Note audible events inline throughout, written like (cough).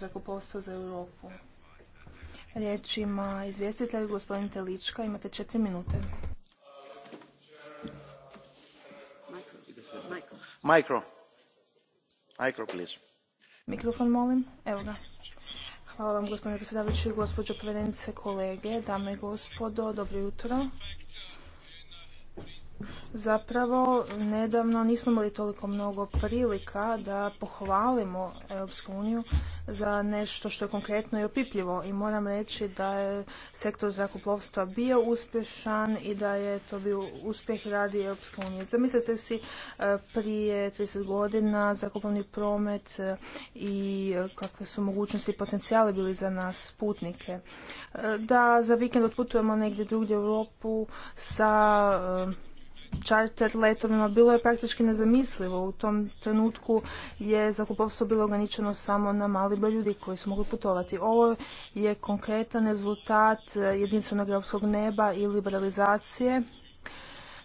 zrakoplovstva za Europu. Riječ ima izvjestitelj gospodin Telička, imate četiri minute. Mikro. Mikro, please. Mikrofon molim. Evo ga. Hvala vam gospodine predsjedavajući, gospođo povjerenice, kolege, dame i gospodo, dobro jutro. Zapravo, nedavno nismo imali toliko mnogo prilika da pohvalimo Europsku uniju za nešto što je konkretno i opipljivo i moram reći da je sektor zrakoplovstva bio uspješan i da je to bio uspjeh radi Europske unije. Zamislite si e, prije 30 godina zrakoplovni promet e, i kakve su mogućnosti i potencijale bili za nas putnike. E, da za vikend otputujemo negdje drugdje u Europu sa Charter letovima bilo je praktički nezamislivo. U tom trenutku je zakupovstvo bilo ograničeno samo na mali broj ljudi koji su mogli putovati. Ovo je konkretan rezultat jedinstvenog europskog neba i liberalizacije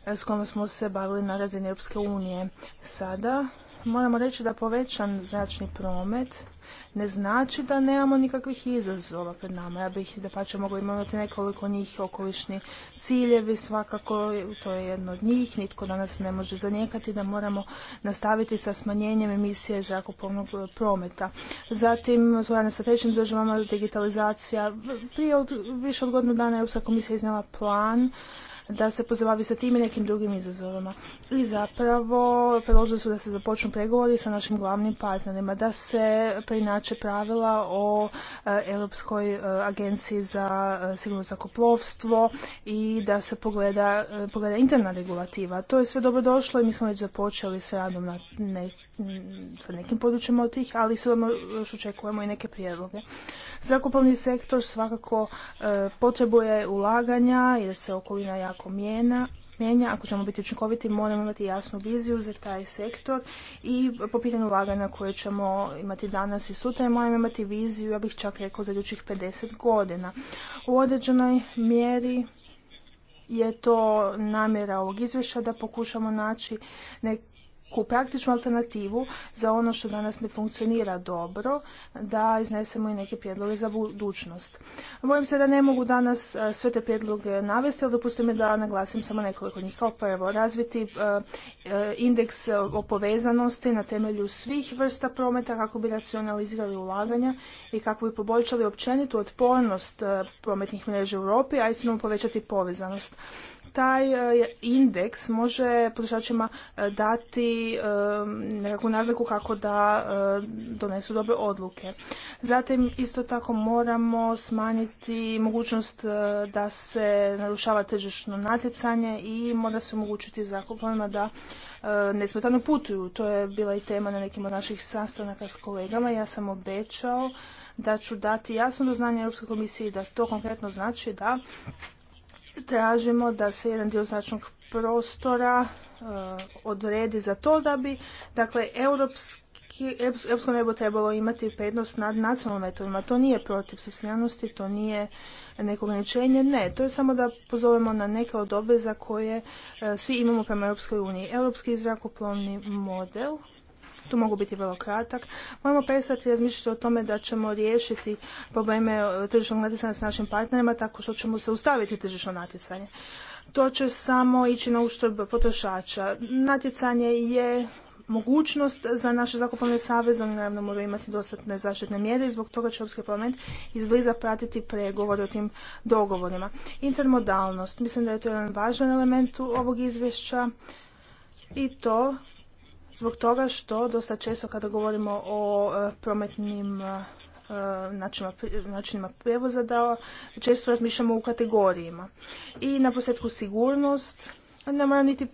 e, s kojom smo se bavili na razini Europske unije. Sada moramo reći da povećan zračni promet ne znači da nemamo nikakvih izazova pred nama. Ja bih da pače mogla imati nekoliko njih okolišni ciljevi, svakako to je jedno od njih, nitko danas ne može zanijekati da moramo nastaviti sa smanjenjem emisije zrakoplovnog prometa. Zatim, zvojena sa trećim državama, digitalizacija. Prije više od godinu dana Europska komisija iznala plan da se pozabavi sa tim i nekim drugim izazovima. I zapravo predložili su da se započnu pregovori sa našim glavnim partnerima, da se preinače pravila o e, Europskoj e, agenciji za e, sigurno zakoplovstvo i da se pogleda, interna regulativa. To je sve dobro došlo i mi smo već započeli s radom na nekim područjima od tih, ali sve ono još očekujemo i neke prijedloge. Zakupovni sektor svakako e, potrebuje ulaganja jer se okolina jako mijena, mijenja. Ako ćemo biti učinkoviti, moramo imati jasnu viziju za taj sektor i po pitanju ulaganja koje ćemo imati danas i sutra, moramo imati viziju, ja bih čak rekao, za ljučih 50 godina. U određenoj mjeri je to namjera ovog izvješća da pokušamo naći neke praktičnu alternativu za ono što danas ne funkcionira dobro, da iznesemo i neke prijedloge za budućnost. Bojim se da ne mogu danas e, sve te prijedloge navesti, ali dopustite mi da naglasim samo nekoliko njih. Kao prvo, razviti e, e, indeks o povezanosti na temelju svih vrsta prometa kako bi racionalizirali ulaganja i kako bi poboljšali općenitu otpornost prometnih mreža u Europi, a istinom povećati povezanost taj e, indeks može potrošačima e, dati e, nekakvu naznaku kako da donesu dobre odluke. Zatim isto tako moramo smanjiti mogućnost da se narušava tržišno natjecanje i mora se omogućiti zakupovima da nesmetano putuju. To je bila i tema na nekim od naših sastanaka s kolegama. Ja sam obećao da ću dati jasno do znanja Europskoj komisiji da to konkretno znači da tražimo da se jedan dio značnog prostora e, odredi za to da bi dakle europski, europsko nebo trebalo imati prednost nad nacionalnim metodima. To nije protiv subsidijarnosti, to nije neko ograničenje, ne. To je samo da pozovemo na neke od obveza koje e, svi imamo prema Europskoj uniji. Europski zrakoplovni model tu mogu biti vrlo kratak, moramo prestati razmišljati o tome da ćemo riješiti probleme e, tržišnog natjecanja s našim partnerima tako što ćemo se ustaviti tržišno natjecanje. To će samo ići na uštrb potrošača. Natjecanje je mogućnost za naše zakupovne saveze, oni naravno moraju imati dostatne zaštitne mjere i zbog toga će Europski parlament izbliza pratiti pregovore o tim dogovorima. Intermodalnost, mislim da je to jedan važan element ovog izvješća i to zbog toga što dosta često kada govorimo o e, prometnim e, načinima prijevoza da često razmišljamo u kategorijima. I na posljedku sigurnost ne moram niti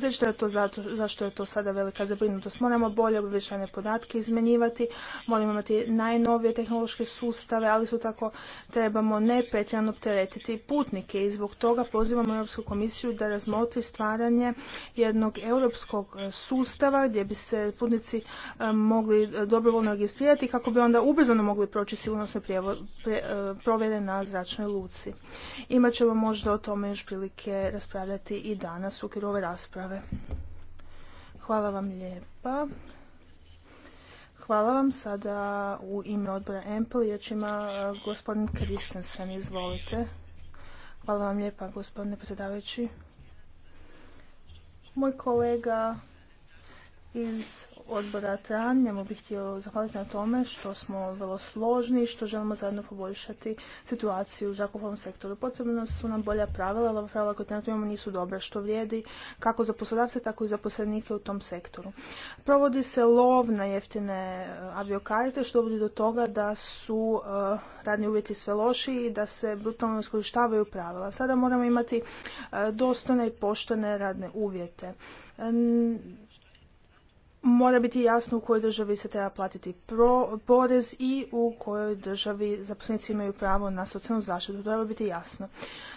da pa je to zašto je to sada velika zabrinutost. Moramo bolje obavišane podatke izmenjivati, moramo imati najnovije tehnološke sustave, ali su tako trebamo nepetljano opteretiti putnike i zbog toga pozivamo Europsku komisiju da razmotri stvaranje jednog europskog e, sustava gdje bi se putnici e, mogli e, dobrovoljno registrirati kako bi onda ubrzano mogli proći sigurnosne provjere na zračnoj luci. Imaćemo možda o tome još prilike raspravljati i danas u okviru ove rasprave Hvala vam lijepa. Hvala vam. Sada u ime odbora jer će ima e, gospodin Kristensen. Izvolite. Hvala vam lijepa gospodine predsjedavajući. Moj kolega iz odbora TRAN, mu bih htio zahvaliti na tome što smo vrlo složni i što želimo zajedno poboljšati situaciju u zakupovom sektoru. Potrebno su nam bolja pravila, ali pravila koje trenutno imamo nisu dobra, što vrijedi kako za poslodavce, tako i za u tom sektoru. Provodi se lov na jeftine eh, aviokarte, što dovodi do toga da su eh, radni uvjeti sve loši i da se brutalno iskorištavaju pravila. Sada moramo imati dostane eh, dostojne i poštene radne uvjete mora biti jasno u kojoj državi se treba platiti porez i u kojoj državi zaposlenici imaju pravo na socijalnu zaštitu. To treba biti jasno.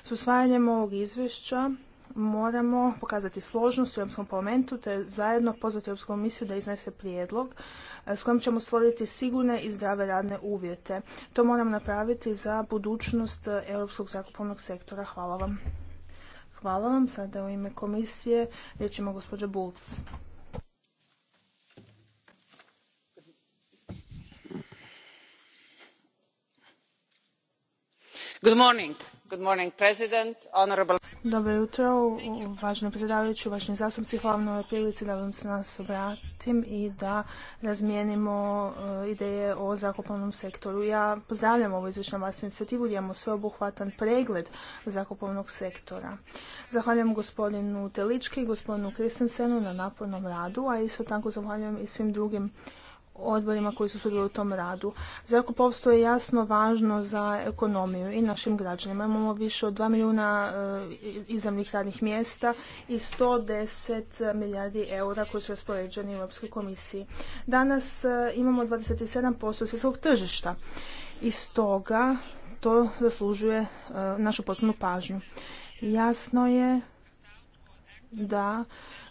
S usvajanjem ovog izvješća moramo pokazati složnost u Europskom parlamentu te zajedno pozvati Europsku komisiju da iznese prijedlog e, s kojim ćemo stvoriti sigurne i zdrave radne uvjete. To moram napraviti za budućnost europskog zakupovnog sektora. Hvala vam. Hvala vam. Sada u ime komisije riječ ima Bulc. Dobro jutro, predsjedavajući, uvaženi zastupnici. Hvala na prilici da vam se nas obratim i da razmijenimo e, ideje o zakupovnom sektoru. Ja pozdravljam ovu izvršnu vašu inicijativu gdje imamo sveobuhvatan pregled zakupovnog sektora. Zahvaljujem gospodinu Telički i gospodinu Kristensenu na napornom radu, a isto tako zahvaljujem i svim drugim odborima koji su sudjelovali u tom radu. Zrakoplovstvo je jasno važno za ekonomiju i našim građanima. Imamo više od 2 milijuna eh, izravnih radnih mjesta i 110 milijardi eura koji su raspoređeni u Europskoj komisiji. Danas eh, imamo 27% svjetskog tržišta i stoga to zaslužuje eh, našu potpunu pažnju. Jasno je da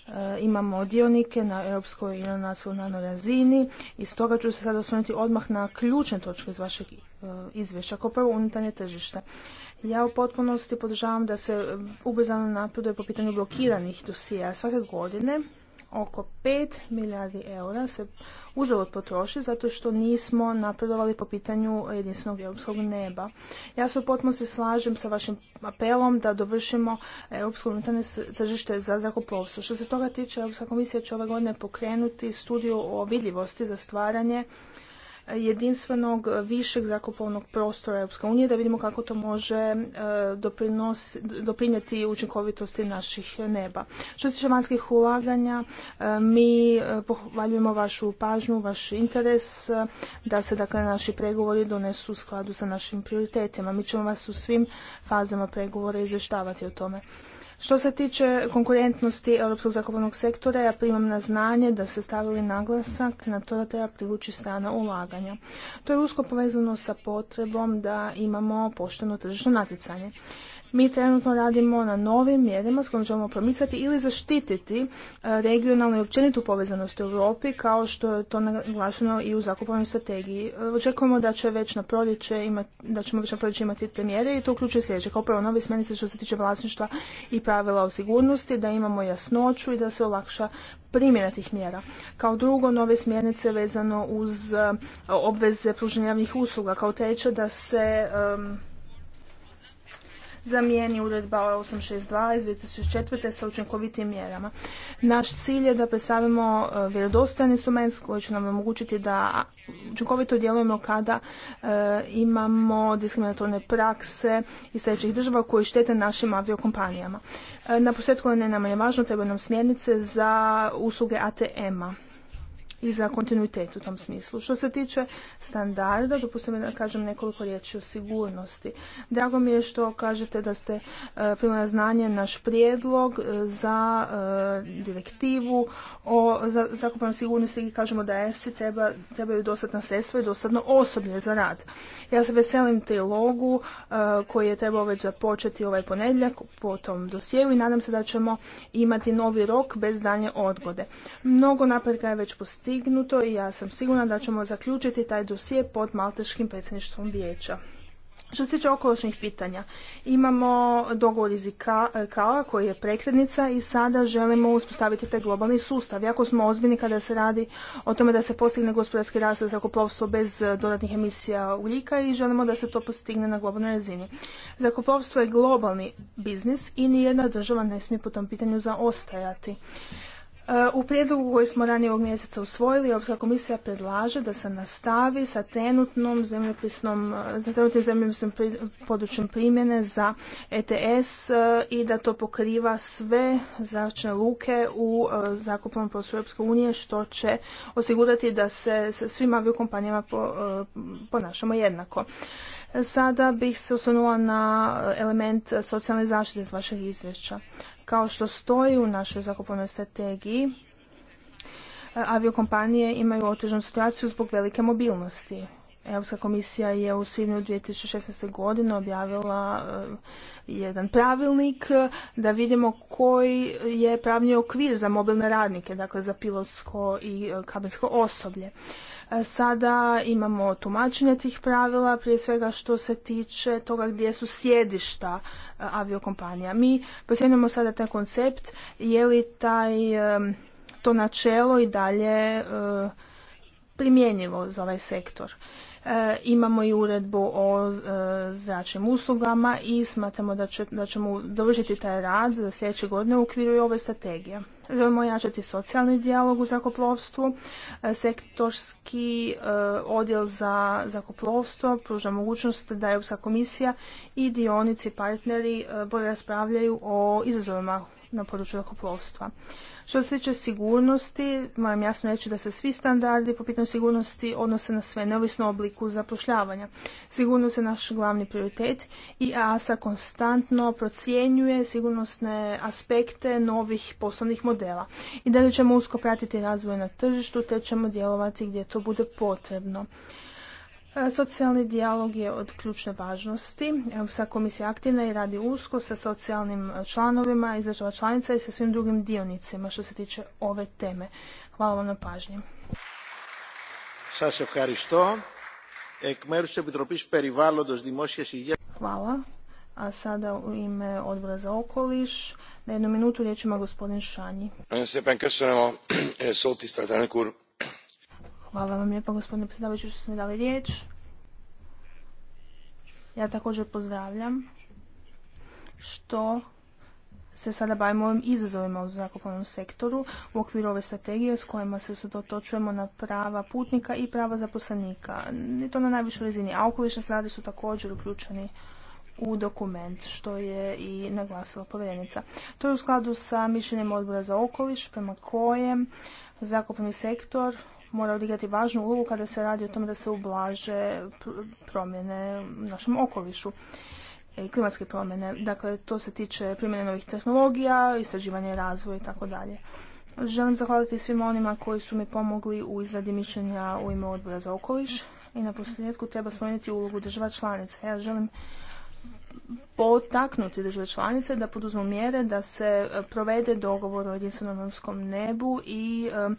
E, imamo dionike na europskoj i na nacionalnoj razini i stoga ću se sada osvrnuti odmah na ključne točke iz vašeg e, izvješća, kao prvo unutarnje tržište. Ja u potpunosti podržavam da se ubrzano napreduje po pitanju blokiranih dosija. Svake godine oko 5 milijardi eura se uzelo potroši zato što nismo napredovali po pitanju jedinstvenog europskog neba. Ja se u potpunosti slažem sa vašim apelom da dovršimo europsko unutarnje tržište za zrakoplovstvo. Što se toga tiče, Europska komisija će ove godine pokrenuti studiju o vidljivosti za stvaranje jedinstvenog višeg zrakoplovnog prostora Europske unije da vidimo kako to može e, doprinijeti učinkovitosti naših neba. Što se tiče vanjskih ulaganja, e, mi e, pohvaljujemo vašu pažnju, vaš interes da se dakle naši pregovori donesu u skladu sa našim prioritetima. Mi ćemo vas u svim fazama pregovora izvještavati o tome. Što se tiče konkurentnosti europskog zakupovnog sektora, ja primam na znanje da se stavili naglasak na to da treba privući strana ulaganja. To je usko povezano sa potrebom da imamo pošteno tržišno natjecanje. Mi trenutno radimo na novim mjerima s kojim ćemo promicati ili zaštititi e, regionalnu i općenitu povezanost u Europi kao što je to naglašeno i u zakupovnoj strategiji. Očekujemo da će već na proljeće imati, da ćemo već na proljeće imati te mjere i to uključuje sljedeće. Kao prvo nove smjernice što se tiče vlasništva i pravila o sigurnosti, da imamo jasnoću i da se olakša primjena tih mjera. Kao drugo, nove smjernice vezano uz e, obveze pružanja javnih usluga. Kao treće, da se zamijeni uredba 862 iz 2004. sa učinkovitim mjerama. Naš cilj je da predstavimo e, vjerodostojan instrument koji će nam omogućiti da učinkovito djelujemo kada e, imamo diskriminatorne prakse iz sljedećih država koji štete našim aviokompanijama. E, na posljedku ne nam je važno, treba nam smjernice za usluge ATM-a i za kontinuitet u tom smislu. Što se tiče standarda, dopustite da kažem nekoliko riječi o sigurnosti. Drago mi je što kažete da ste e, primili na znanje naš prijedlog e, za e, direktivu o zakupnom sigurnosti i kažemo da ESI trebaju dostatna sredstva i dostatno osoblje za rad. Ja se veselim trilogu koji je trebao već započeti ovaj ponedjeljak po tom dosjeu i nadam se da ćemo imati novi rok bez danje odgode. Mnogo napretka je već postignuto i ja sam sigurna da ćemo zaključiti taj dosije pod malteškim predsjedništvom vijeća. Što se tiče okolišnih pitanja, imamo dogovor iz koji je prekrednica i sada želimo uspostaviti taj globalni sustav. Jako smo ozbiljni kada se radi o tome da se postigne gospodarski rast za zrakoplovstvo bez dodatnih emisija ugljika i želimo da se to postigne na globalnoj razini. Zrakoplovstvo je globalni biznis i nijedna država ne smije po tom pitanju zaostajati. U prijedlogu koji smo ranije ovog mjeseca usvojili, Europska komisija predlaže da se nastavi sa trenutnom zemljopisnom, trenutnim zemljopisnim područjem primjene za ETS e, i da to pokriva sve zračne luke u e, zakupnom prostoru Europske unije, što će osigurati da se sa svim aviokompanijama e, ponašamo jednako. Sada bih se osvrnula na element socijalne zaštite iz vašeg izvješća. Kao što stoji u našoj zakupovnoj strategiji, aviokompanije imaju otežnu situaciju zbog velike mobilnosti. Europska komisija je u svibnju 2016. godine objavila e, jedan pravilnik e, da vidimo koji je pravni okvir za mobilne radnike, dakle za pilotsko i e, kabinsko osoblje. E, sada imamo tumačenje tih pravila, prije svega što se tiče toga gdje su sjedišta e, aviokompanija. Mi posljednjamo sada taj koncept, je li taj, e, to načelo i dalje primjenjivo za ovaj sektor. imamo i uredbu o zračnim uslugama i smatramo da, ćemo dovršiti taj rad za sljedeće godine u okviru i ove strategije. Želimo jačati socijalni dijalog u zakoplovstvu. E, sektorski e, odjel za zakoplovstvo pruža mogućnost da Europska komisija i dionici partneri e, bolje raspravljaju o izazovima na području zakoplovstva. Što se tiče sigurnosti, moram jasno reći da se svi standardi po pitanju sigurnosti odnose na sve, neovisno o obliku zapošljavanja. Sigurnost je naš glavni prioritet i ASA konstantno procjenjuje sigurnosne aspekte novih poslovnih modela. I dalje ćemo usko pratiti razvoj na tržištu te ćemo djelovati gdje to bude potrebno. Socijalni dijalog je od ključne važnosti. Evropska komisija aktivna i radi usko sa socijalnim članovima iz država članica i sa svim drugim dionicima što se tiče ove teme. Hvala vam na pažnji. Hvala. A sada u ime odbora za okoliš na jednu minutu riječ gospodin Šanji. (clears throat) Hvala vam lijepa gospodine predsjedavajući što ste mi dali riječ. Ja također pozdravljam što se sada bavimo ovim izazovima u zrakoplovnom sektoru u okviru ove strategije s kojima se dotočujemo na prava putnika i prava zaposlenika. I to na najvišoj razini. A okolišne strade su također uključeni u dokument, što je i naglasila povjerenica. To je u skladu sa mišljenjem odbora za okoliš, prema kojem zakupni sektor mora odigrati važnu ulogu kada se radi o tome da se ublaže promjene u našem okolišu i e, klimatske promjene. Dakle, to se tiče primjene novih tehnologija, istraživanja i razvoja i tako dalje. Želim zahvaliti svima onima koji su mi pomogli u izradi mišljenja u ime odbora za okoliš i na posljedku treba spomenuti ulogu država članica. Ja želim potaknuti države članice da poduzmu mjere da se e, provede dogovor o jedinstvenom europskom nebu i e,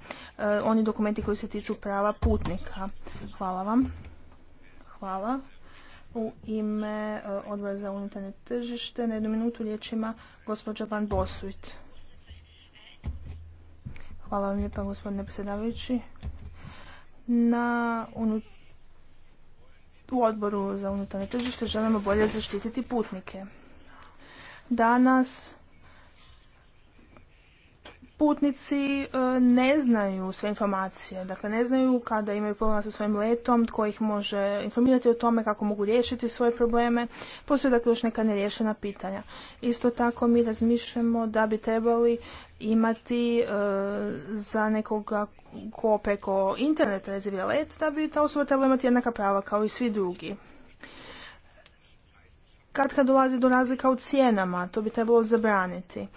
e, oni dokumenti koji se tiču prava putnika. Hvala vam. Hvala. U ime odbora za unutarnje tržište na jednu minutu riječima gospođa Van Bosuit. Hvala vam lijepa gospodine predsjedavajući. Na unutarnje u odboru za unutarnje tržište želimo bolje zaštititi putnike. Danas putnici e, ne znaju sve informacije, dakle ne znaju kada imaju problema sa svojim letom, tko ih može informirati o tome kako mogu riješiti svoje probleme. Postoje dakle još neka neriješena pitanja. Isto tako mi razmišljamo da bi trebali imati e, za nekoga ko preko Internet rezervira let, da bi ta osoba trebala imati jednaka prava kao i svi drugi. Kad kad dolazi do razlika u cijenama, to bi trebalo zabraniti.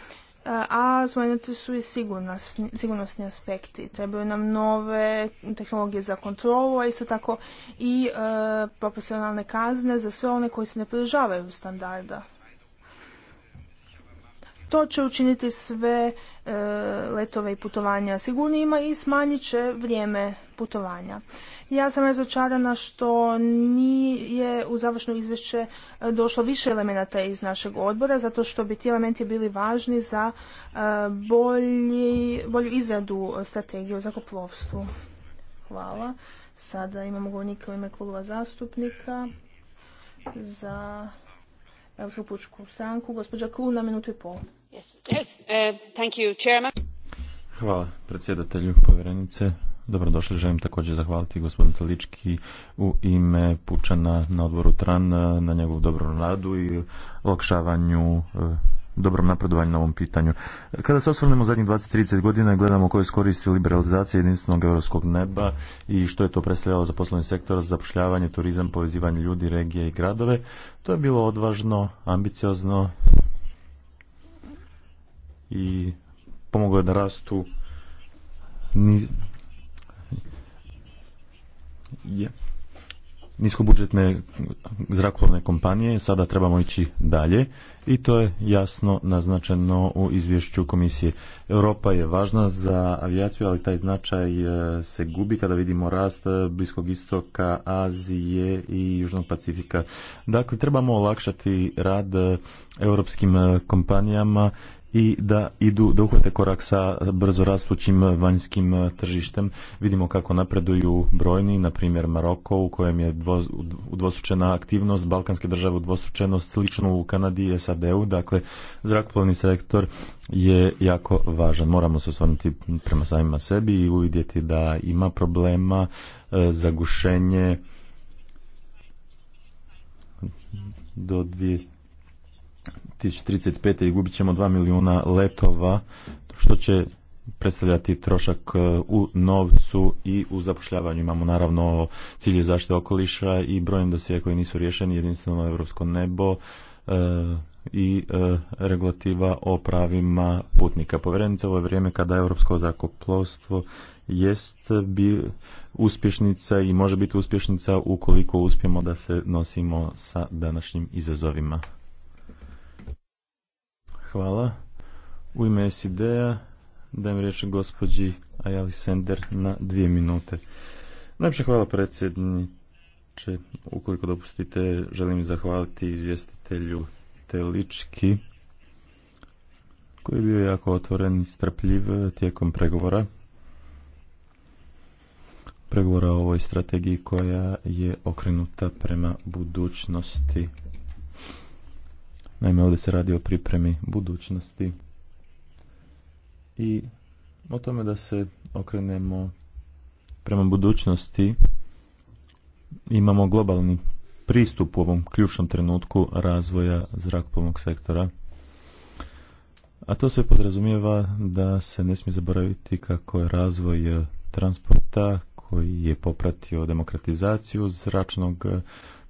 E, a spomenuti su i sigurnosni, aspekti. Trebaju nam nove tehnologije za kontrolu, a isto tako i e, profesionalne proporcionalne kazne za sve one koji se ne pridržavaju standarda. To će učiniti sve e, letove i putovanja sigurnijima i smanjit će vrijeme putovanja. Ja sam razočarana što nije u završno izvješće e, došlo više elemenata iz našeg odbora, zato što bi ti elementi bili važni za e, bolju izradu strategije u zakoplovstvu. Hvala. Sada imamo govornika u ime kluba zastupnika za Europsku pučku stranku. i pol. Uh, Hvala predsjedatelju povjerenice. Dobrodošli, želim također zahvaliti gospodinu Telički u ime Pučana na odboru TRAN na njegovu dobru radu i olakšavanju eh, dobrom napredovanju na ovom pitanju. Kada se osvrnemo zadnjih 20-30 godina, gledamo koje je koristi liberalizacija jedinstvenog europskog neba i što je to predstavljalo za poslovni sektor, za zapošljavanje, turizam, povezivanje ljudi, regije i gradove. To je bilo odvažno, ambiciozno i pomoglo je da rastu niskobudžetne zrakoplovne kompanije, sada trebamo ići dalje i to je jasno naznačeno u izvješću komisije. Europa je važna za avijaciju, ali taj značaj e, se gubi kada vidimo rast e, Bliskog istoka, Azije i Južnog Pacifika. Dakle, trebamo olakšati rad e, europskim kompanijama i da idu, da uhvate korak sa brzo rastućim vanjskim tržištem. Vidimo kako napreduju brojni, na primjer Maroko u kojem je udvostručena aktivnost, Balkanske države udvostručenost, slično u Kanadi i SAD-u, dakle zrakoplovni sektor je jako važan. Moramo se osvrnuti prema samima sebi i uvidjeti da ima problema, e, zagušenje do dvije 2035. i gubit ćemo 2 milijuna letova, što će predstavljati trošak e, u novcu i u zapošljavanju. Imamo naravno cilje zaštite okoliša i brojem dosije koji nisu riješeni, jedinstveno europsko nebo e, i e, regulativa o pravima putnika. Povjerenica ovo je vrijeme kada europsko zakoplovstvo jest bi uspješnica i može biti uspješnica ukoliko uspijemo da se nosimo sa današnjim izazovima. Hvala. U ime SID-a dajem riječ gospođi Ajali Sender na dvije minute. Najpšće hvala predsjedniče. Ukoliko dopustite, želim zahvaliti izvjestitelju Telički koji je bio jako otvoren i strpljiv tijekom pregovora. Pregovora o ovoj strategiji koja je okrenuta prema budućnosti Naime, ovdje se radi o pripremi budućnosti i o tome da se okrenemo prema budućnosti imamo globalni pristup u ovom ključnom trenutku razvoja zrakoplovnog sektora. A to se podrazumijeva da se ne smije zaboraviti kako je razvoj transporta koji je popratio demokratizaciju zračnog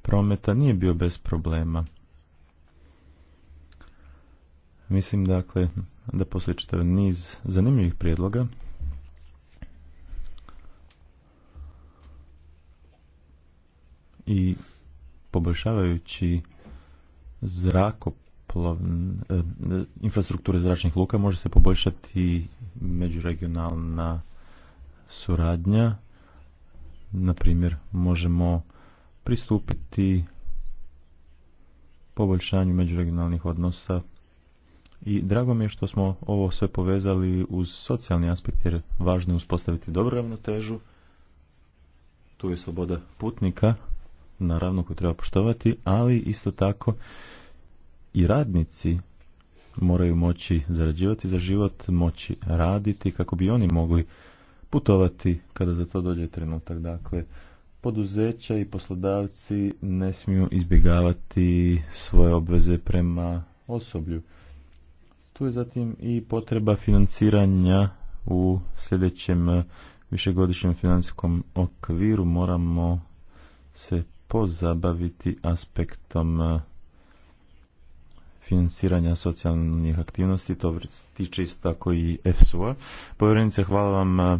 prometa nije bio bez problema. Mislim dakle da postoji čitav niz zanimljivih prijedloga. I poboljšavajući zrakoplov eh, infrastrukture zračnih luka može se poboljšati međuregionalna suradnja. Na primjer, možemo pristupiti poboljšanju međuregionalnih odnosa i drago mi je što smo ovo sve povezali uz socijalni aspekt jer važno je uspostaviti dobru ravnotežu. Tu je sloboda putnika, naravno koju treba poštovati, ali isto tako i radnici moraju moći zarađivati za život, moći raditi kako bi oni mogli putovati kada za to dođe trenutak. Dakle, poduzeća i poslodavci ne smiju izbjegavati svoje obveze prema osoblju. Tu je zatim i potreba financiranja u sljedećem eh, višegodišnjem financijskom okviru. Moramo se pozabaviti aspektom eh, financiranja socijalnih aktivnosti, to tiče isto tako i EFSU-a. Povjerenice, hvala vam eh,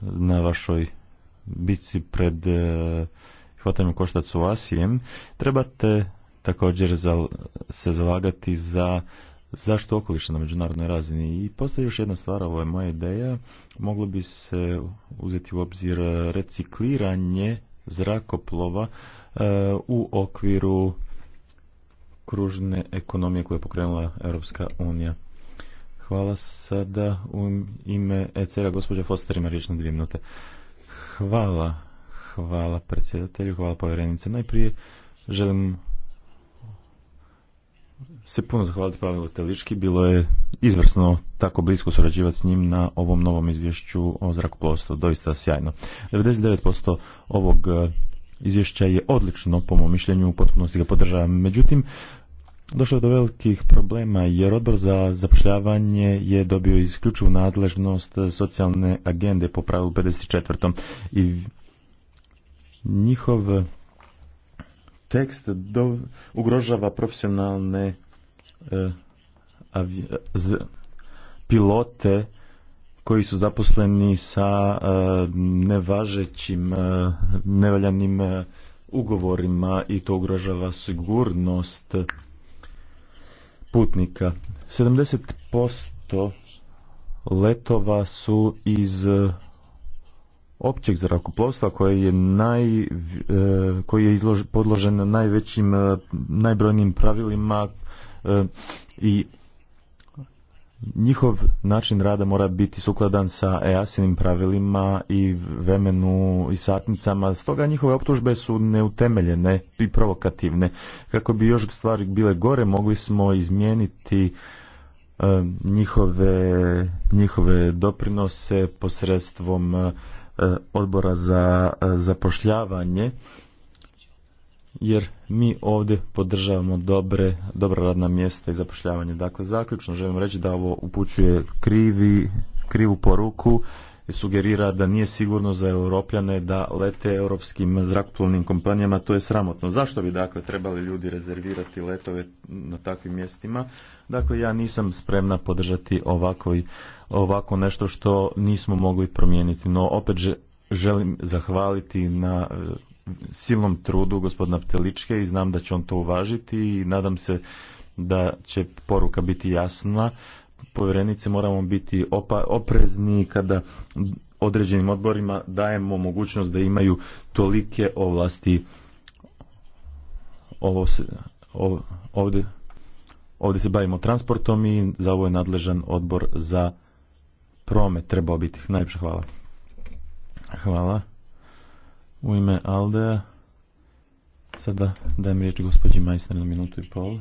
na vašoj bici pred hvatanjem koštac u Asijem. Trebate također se zalagati za zaštitu okoliša na međunarodnoj razini. I postoji još jedna stvar, ovo je moja ideja, moglo bi se uzeti u obzir recikliranje zrakoplova e, u okviru kružne ekonomije koje je pokrenula Europska unija. Hvala sada u ime ECR-a gospođa Foster ima riječ na dvije minute. Hvala, hvala predsjedatelju, hvala povjerenice. Najprije želim se puno zahvaliti Pavelu Telički. Bilo je izvrsno tako blisko surađivati s njim na ovom novom izvješću o zrakoplovstvu. Doista sjajno. 99% ovog e, izvješća je odlično, po mom mišljenju, u potpunosti ga podržavam. Međutim, došlo je do velikih problema jer odbor za zapošljavanje je dobio isključivu nadležnost socijalne agende po pravilu 54. I njihov tekst do, ugrožava profesionalne E, pilote koji su zaposleni sa e, nevažećim, e, nevaljanim ugovorima i to ugrožava sigurnost putnika. 70% letova su iz općeg zrakoplovstva koje je naj, koji je izlož, podložen najvećim, najbrojnijim pravilima E, i njihov način rada mora biti sukladan sa EASINim pravilima i vremenu i satnicama, stoga njihove optužbe su neutemeljene i provokativne. Kako bi još stvari bile gore, mogli smo izmijeniti e, njihove, njihove doprinose posredstvom e, odbora za zapošljavanje jer mi ovdje podržavamo dobre, dobra radna mjesta i zapošljavanje. Dakle, zaključno želim reći da ovo upućuje krivi, krivu poruku i sugerira da nije sigurno za europljane da lete europskim zrakoplovnim kompanijama, to je sramotno. Zašto bi dakle trebali ljudi rezervirati letove na takvim mjestima? Dakle, ja nisam spremna podržati ovako, ovako nešto što nismo mogli promijeniti, no opet želim zahvaliti na silnom trudu gospodina Pteličke i znam da će on to uvažiti i nadam se da će poruka biti jasna. Povjerenice moramo biti oprezni kada određenim odborima dajemo mogućnost da imaju tolike ovlasti ovo ovdje, ovdje se bavimo transportom i za ovo je nadležan odbor za promet trebao biti. Najljepša hvala. Hvala. U ime Aldea sada dajem riječ gospođi majster na minutu i pol.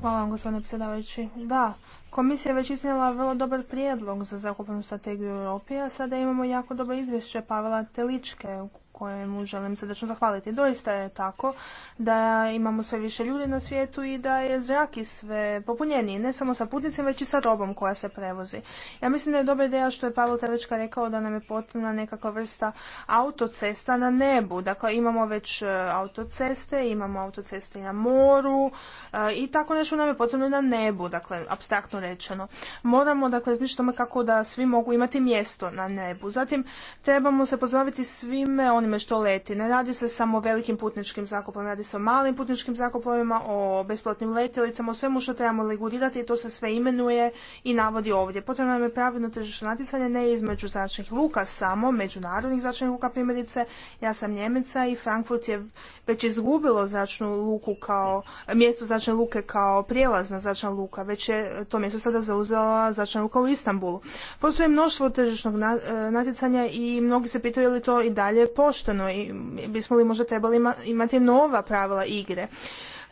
Hvala vam gospodine predsjedavajući. Da, komisija je već iznijela vrlo dobar prijedlog za zakupnu strategiju Europi, a sada imamo jako dobro izvješće Pavela Teličke kojemu želim srdečno zahvaliti. Doista je tako da imamo sve više ljudi na svijetu i da je zrak i sve popunjeniji, ne samo sa putnicima, već i sa robom koja se prevozi. Ja mislim da je dobra ideja što je Pavel Telečka rekao da nam je potrebna nekakva vrsta autocesta na nebu. Dakle, imamo već e, autoceste, imamo autoceste i na moru e, i tako nešto nam je potrebno i na nebu, dakle, abstraktno rečeno. Moramo, dakle, zmišljati tome kako da svi mogu imati mjesto na nebu. Zatim, trebamo se pozbaviti svime onime što leti. Ne radi se samo o velikim putničkim zakupom radi se o malim putničkim zakupovima, o besplatnim letjelicama, o svemu što trebamo regulirati i to se sve imenuje i navodi ovdje. Potrebno nam je pravilno tržišno natjecanje ne između zračnih luka samo, međunarodnih zračnih luka primjerice. Ja sam Njemica i Frankfurt je već izgubilo zračnu luku kao, mjesto zračne luke kao prijelazna zračna luka, već je to mjesto sada zauzela zračna luka u Istanbulu. Postoje mnoštvo tržišnog e, natjecanja i mnogi se pitaju je li to i dalje po pošteno i bismo li možda trebali imati nova pravila igre.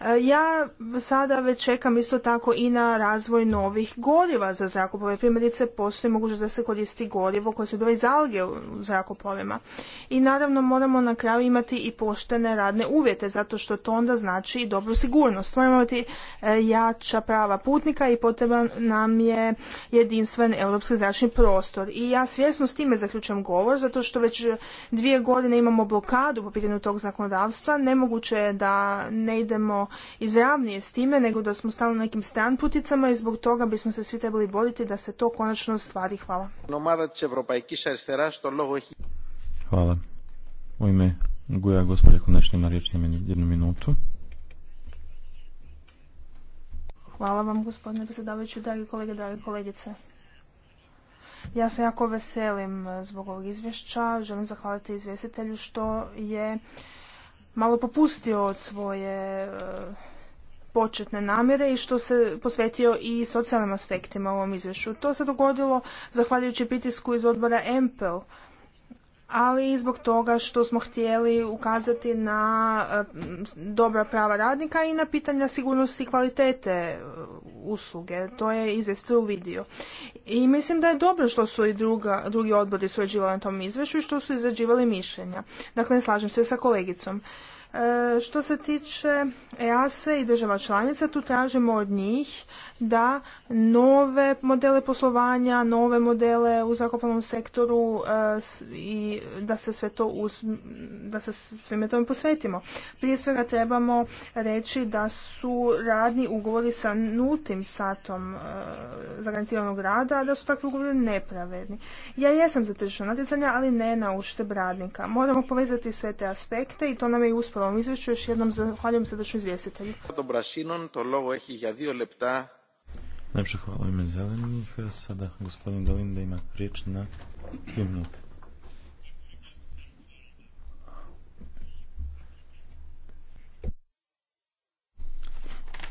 E, ja sada već čekam isto tako i na razvoj novih goriva za zrakoplove. Primjerice, postoji mogućnost da se koristi gorivo koje se bile iz alge u zrakoplovima. I naravno moramo na kraju imati i poštene radne uvjete, zato što to onda znači i dobru sigurnost. Moramo imati e, jača prava putnika i potreban nam je jedinstven europski zračni prostor. I ja svjesno s time zaključujem govor, zato što već dvije godine imamo blokadu po pitanju tog zakonodavstva. Nemoguće je da ne idemo izravnije s time nego da smo stalno nekim stran i zbog toga bismo se svi trebali boliti da se to konačno ostvari. Hvala. Hvala. U ime Guja gospođa Konečna ima riječ na jednu minutu. Hvala vam gospodine predsjedavajući, dragi kolege, dragi kolegice. Ja se jako veselim eh, zbog ovog izvješća. Želim zahvaliti izvjestitelju što je malo popustio od svoje e, početne namjere i što se posvetio i socijalnim aspektima u ovom izvješću. To se dogodilo zahvaljujući pritisku iz odbora EMPL ali i zbog toga što smo htjeli ukazati na e, dobra prava radnika i na pitanja sigurnosti i kvalitete e, usluge. To je u vidio I mislim da je dobro što su i drugi odbori surađivali na tom izvješću i što su izrađivali mišljenja. Dakle, slažem se sa kolegicom. E, što se tiče EASE i država članica, tu tražimo od njih da nove modele poslovanja, nove modele u zakopanom sektoru e, i da se sve to uz, da se svime tome posvetimo. Prije svega trebamo reći da su radni ugovori sa nultim satom e, zagarantiranog rada, da su takvi ugovori nepravedni. Ja jesam za tržišno natjecanje, ali ne na ušteb radnika. Moramo povezati sve te aspekte i to nam je uspjelo raspravu ovom izvješću. Još jednom zahvaljujem srdečno izvjestitelju. to logo ja dio lepta. Najpše hvala ime zelenih. Sada gospodin Dolin da ima riječ na dvije minute.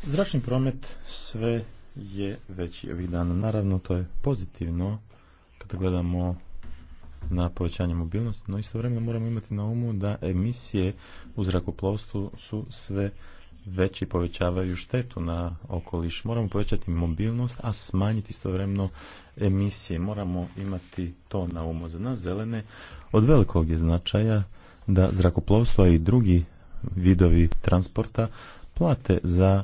Zračni promet sve je veći ovih dana. Naravno, to je pozitivno kada gledamo na povećanje mobilnosti, no istovremeno moramo imati na umu da emisije u zrakoplovstvu su sve veći povećavaju štetu na okoliš. Moramo povećati mobilnost, a smanjiti istovremeno emisije. Moramo imati to na umu. Za nas zelene od velikog je značaja da zrakoplovstvo i drugi vidovi transporta plate za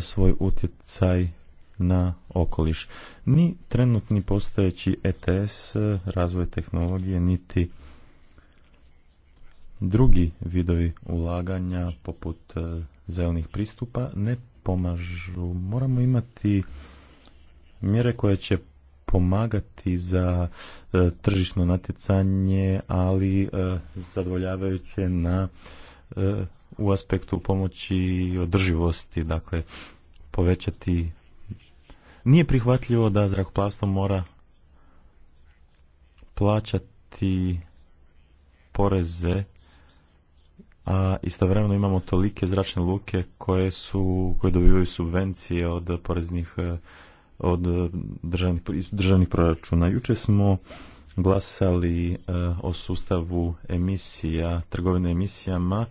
svoj utjecaj na okoliš. Ni trenutni postojeći ETS, razvoj tehnologije, niti drugi vidovi ulaganja poput e, zelenih pristupa ne pomažu. Moramo imati mjere koje će pomagati za e, tržišno natjecanje, ali zadvoljavajuće zadovoljavajuće na e, u aspektu pomoći održivosti, dakle povećati nije prihvatljivo da zrakoplavstvo mora plaćati poreze, a istovremeno imamo tolike zračne luke koje su, koje dobivaju subvencije od poreznih eh, od državnih, državnih proračuna. Juče smo glasali eh, o sustavu emisija, trgovine emisijama,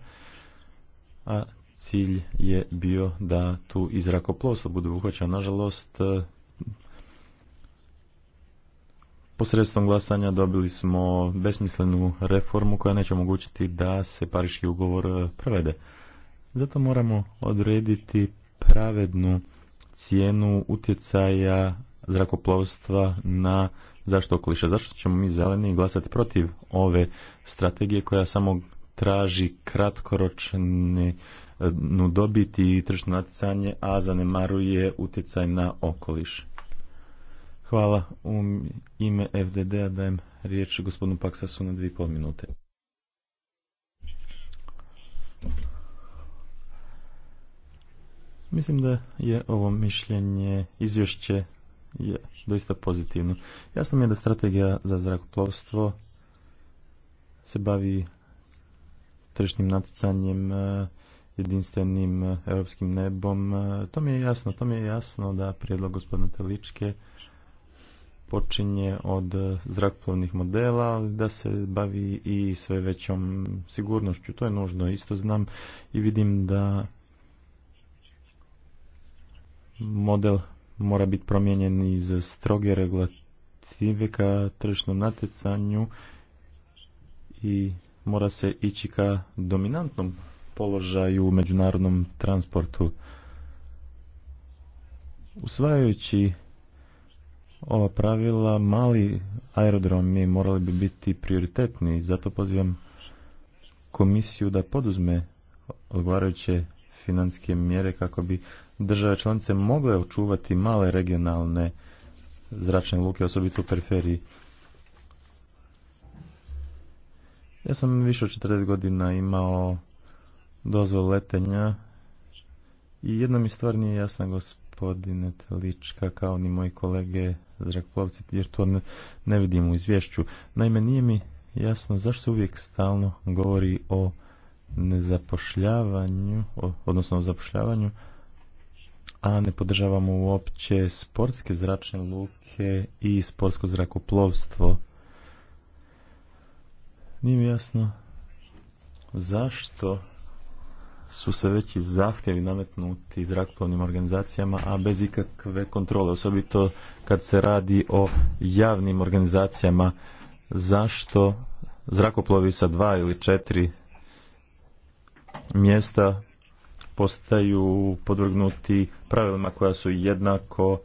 a Cilj je bio da tu i zrakoplovstvo bude obuhvaćeno. Nažalost, e, Posredstvom glasanja dobili smo besmislenu reformu koja neće omogućiti da se pariški ugovor e, provede. Zato moramo odrediti pravednu cijenu utjecaja zrakoplovstva na zašto okoliša. Zašto ćemo mi zeleni glasati protiv ove strategije koja samo traži kratkoročni dobiti i tržno natjecanje, a zanemaruje utjecaj na okoliš. Hvala. U ime FDD-a dajem riječ gospodinu Paksasu na dvije pol minute. Mislim da je ovo mišljenje, izvješće je doista pozitivno. Jasno mi je da strategija za zrakoplovstvo se bavi tržnim natjecanjem jedinstvenim eh, europskim nebom. Eh, to mi je jasno, to mi je jasno da prijedlog gospodina Teličke počinje od eh, zrakoplovnih modela, ali da se bavi i sve većom sigurnošću. To je nužno. Isto znam i vidim da model mora biti promijenjen iz stroge regulative ka tržišnom natjecanju i mora se ići ka dominantnom položaj u međunarodnom transportu. Usvajajući ova pravila, mali aerodromi morali bi biti prioritetni, zato pozivam komisiju da poduzme odgovarajuće financijske mjere kako bi države članice mogle očuvati male regionalne zračne luke, osobito u periferiji. Ja sam više od 40 godina imao dozvol letenja. I jedna mi stvar nije jasna, gospodine Telička, kao ni moji kolege zrakoplovci, jer to ne, ne vidim u izvješću. Naime, nije mi jasno zašto se uvijek stalno govori o nezapošljavanju, odnosno o zapošljavanju, a ne podržavamo uopće sportske zračne luke i sportsko zrakoplovstvo. Nije mi jasno zašto su sve veći zahtjevi nametnuti zrakoplovnim organizacijama, a bez ikakve kontrole, osobito kad se radi o javnim organizacijama, zašto zrakoplovi sa dva ili četiri mjesta postaju podvrgnuti pravilima koja su jednako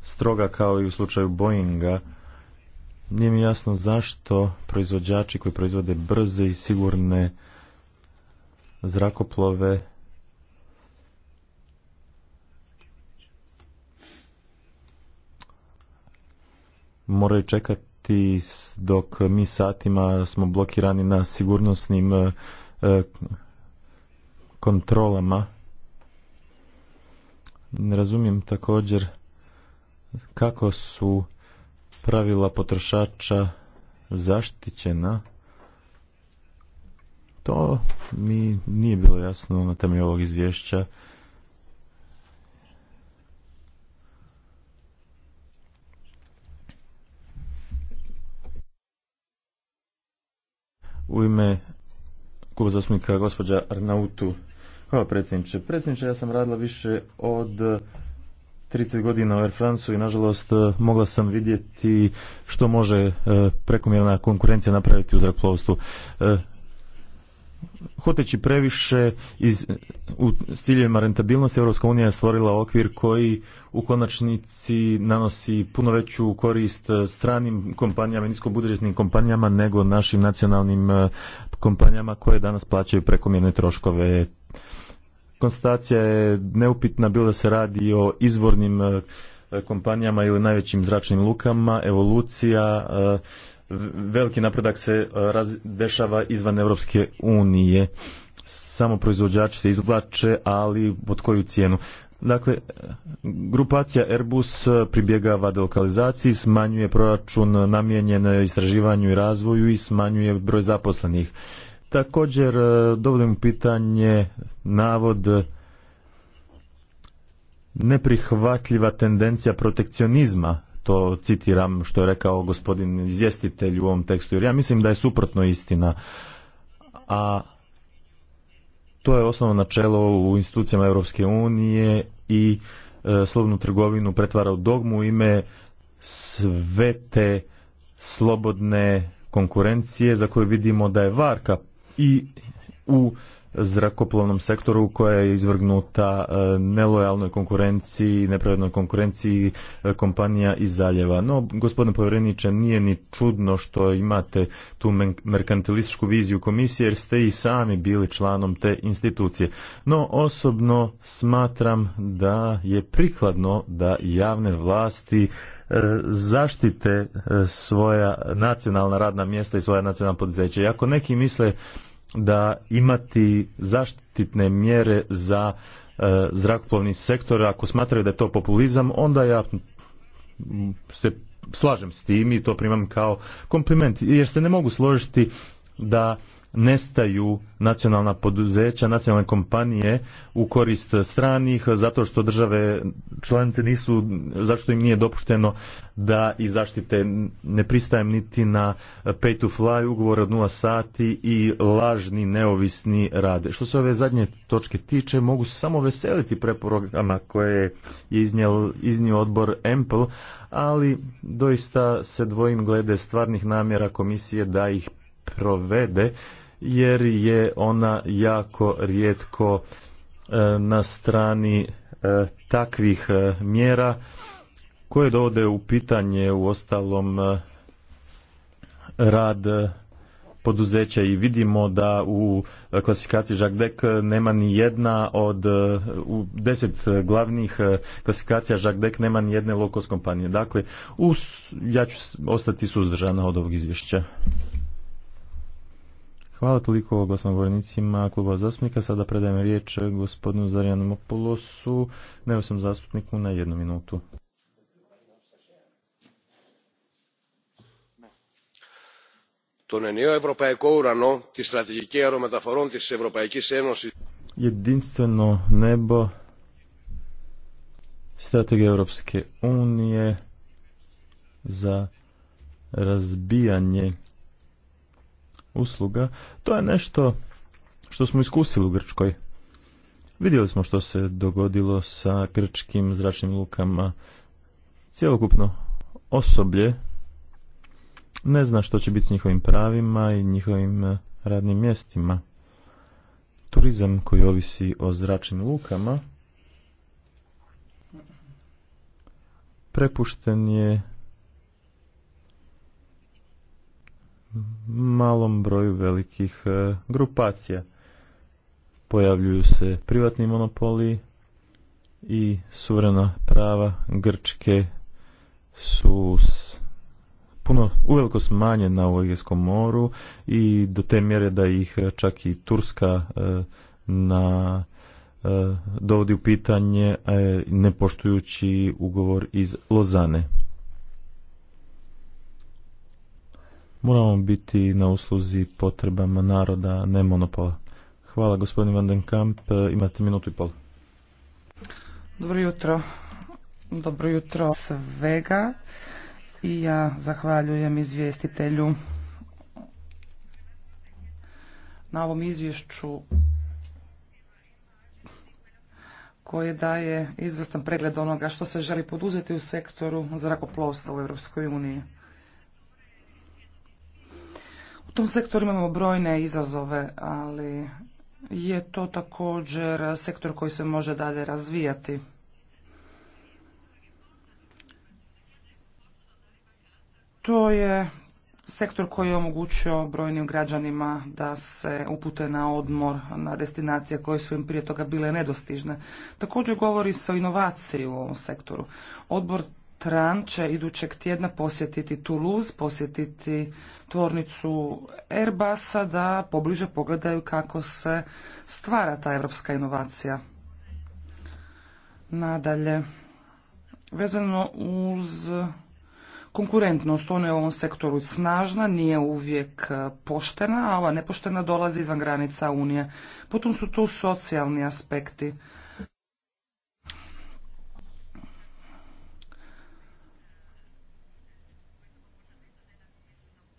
stroga kao i u slučaju Boeinga. Nije mi jasno zašto proizvođači koji proizvode brze i sigurne zrakoplove moraju čekati dok mi satima smo blokirani na sigurnosnim e, e, kontrolama. Ne razumijem također kako su pravila potrošača zaštićena to mi nije bilo jasno na temelju ovog izvješća. U ime kluba zastupnika gospođa Arnautu. Hvala predsjedniče. Predsjedniče, ja sam radila više od 30 godina u Air France i nažalost mogla sam vidjeti što može e, prekomjerna konkurencija napraviti u zrakoplovstvu. E, hoteći previše iz, u stiljevima rentabilnosti Europska unija je stvorila okvir koji u konačnici nanosi puno veću korist eh, stranim kompanijama, niskobudžetnim kompanijama nego našim nacionalnim eh, kompanijama koje danas plaćaju prekomjerne troškove. Konstatacija je neupitna bilo da se radi o izvornim eh, kompanijama ili najvećim zračnim lukama, evolucija veliki napredak se e, dešava izvan Europske unije. Samo proizvođači se izvlače, ali pod koju cijenu? Dakle, grupacija Airbus pribjegava delokalizaciji, smanjuje proračun namijenjen istraživanju i razvoju i smanjuje broj zaposlenih. Također, e, dovodim u pitanje navod neprihvatljiva tendencija protekcionizma to citiram što je rekao gospodin izvjestitelj u ovom tekstu, jer ja mislim da je suprotno istina. A to je osnovno načelo u institucijama Europske unije i e, slobodnu trgovinu pretvara u dogmu u ime svete slobodne konkurencije za koju vidimo da je varka i u zrakoplovnom sektoru koja je izvrgnuta e, nelojalnoj konkurenciji, nepravednoj konkurenciji e, kompanija iz zaljeva. No, gospodine povjereniče, nije ni čudno što imate tu merkantilističku viziju komisije jer ste i sami bili članom te institucije. No, osobno smatram da je prikladno da javne vlasti e, zaštite svoja nacionalna radna mjesta i svoja nacionalna poduzeća. I ako neki misle da imati zaštitne mjere za e, zrakoplovni sektor, ako smatraju da je to populizam, onda ja se slažem s tim i to primam kao kompliment, jer se ne mogu složiti da nestaju nacionalna poduzeća, nacionalne kompanije u korist stranih zato što države članice nisu, zašto im nije dopušteno da i zaštite ne pristajem niti na pay to fly ugovor od nula sati i lažni neovisni rade. Što se ove zadnje točke tiče, mogu samo veseliti preporogama koje je iznijel, iznio odbor EMPL, ali doista se dvojim glede stvarnih namjera komisije da ih provede jer je ona jako rijetko e, na strani e, takvih e, mjera koje dovode u pitanje u ostalom rad poduzeća i vidimo da u klasifikaciji Jacques nema ni jedna od u deset glavnih klasifikacija Jacques nema ni jedne lokos kompanije. Dakle, us, ja ću ostati suzdržana od ovog izvješća. Hvala toliko o glasnogovornicima kluba zastupnika. Sada predajem riječ gospodinu Zarijanu Mopulosu, sam zastupniku na jednu minutu. Τον ενιαίο ευρωπαϊκό ουρανό, τη στρατηγική αερομεταφορών της Ευρωπαϊκής Ένωσης. Jedinstveno nebo, strategija Europske unije za razbijanje usluga, to je nešto što smo iskusili u Grčkoj. Vidjeli smo što se dogodilo sa grčkim zračnim lukama. Cijelokupno osoblje ne zna što će biti s njihovim pravima i njihovim eh, radnim mjestima. Turizam koji ovisi o zračnim lukama prepušten je malom broju velikih e, grupacija. Pojavljuju se privatni monopoli i suverena prava Grčke su puno uveliko smanjena na Egejskom moru i do te mjere da ih čak i Turska e, na e, dovodi u pitanje ne poštujući ugovor iz Lozane. Moramo biti na usluzi potrebama naroda, ne monopola. Hvala gospodin Van den Kamp, imate minutu i pol. Dobro jutro. Dobro jutro svega i ja zahvaljujem izvjestitelju na ovom izvješću koje daje izvrstan pregled onoga što se želi poduzeti u sektoru zrakoplovstva u Europskoj uniji tom sektoru imamo brojne izazove, ali je to također sektor koji se može dalje razvijati. To je sektor koji je omogućio brojnim građanima da se upute na odmor, na destinacije koje su im prije toga bile nedostižne. Također govori se o inovaciji u ovom sektoru. Odbor Tran će idućeg tjedna posjetiti Toulouse, posjetiti tvornicu Airbusa da pobliže pogledaju kako se stvara ta europska inovacija. Nadalje, vezano uz konkurentnost, ona je u ovom sektoru snažna, nije uvijek poštena, a ova nepoštena dolazi izvan granica Unije. Potom su tu socijalni aspekti.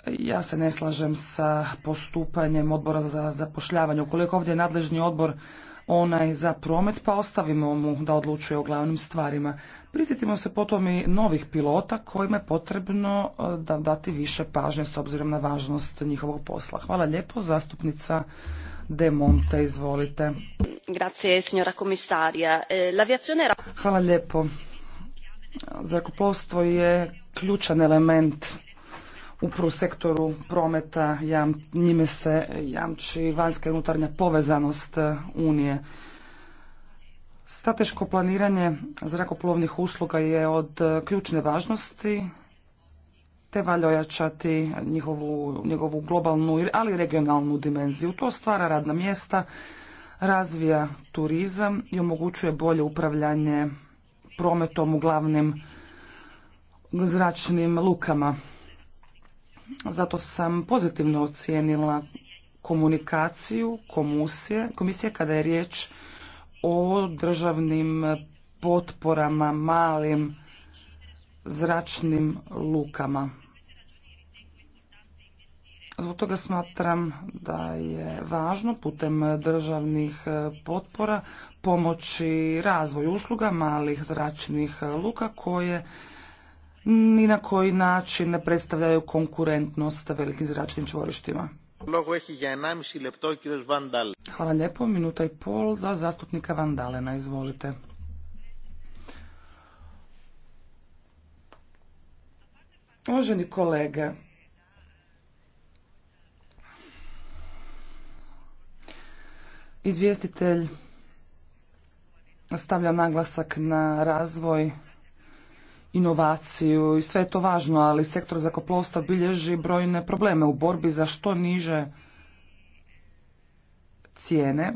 ja se ne slažem sa postupanjem odbora za zapošljavanje. Ukoliko ovdje je nadležni odbor onaj za promet, pa ostavimo mu da odlučuje o glavnim stvarima. Prisjetimo se potom i novih pilota kojima je potrebno e, da dati više pažnje s obzirom na važnost njihovog posla. Hvala lijepo, zastupnica De Monte, izvolite. Grazie, signora komisarija. E, l'aviazione... Hvala lijepo. Zrakoplovstvo je ključan element u sektoru prometa, njime se jamči vanjska i unutarnja povezanost e, Unije. Strateško planiranje zrakoplovnih usluga je od e, ključne važnosti, te valja ojačati njegovu globalnu, ali i regionalnu dimenziju. To stvara radna mjesta, razvija turizam i omogućuje bolje upravljanje prometom u glavnim zračnim lukama. Zato sam pozitivno ocijenila komunikaciju komisije, komisije kada je riječ o državnim potporama malim zračnim lukama. Zbog toga smatram da je važno putem državnih potpora pomoći razvoju usluga malih zračnih luka koje ni na koji način ne predstavljaju konkurentnost velikim zračnim čvorištima. Hvala lijepo, minuta i pol za zastupnika Vandalena, izvolite. Uvaženi kolege, izvjestitelj stavlja naglasak na razvoj inovaciju i sve je to važno, ali sektor zakoplovstva bilježi brojne probleme u borbi za što niže cijene.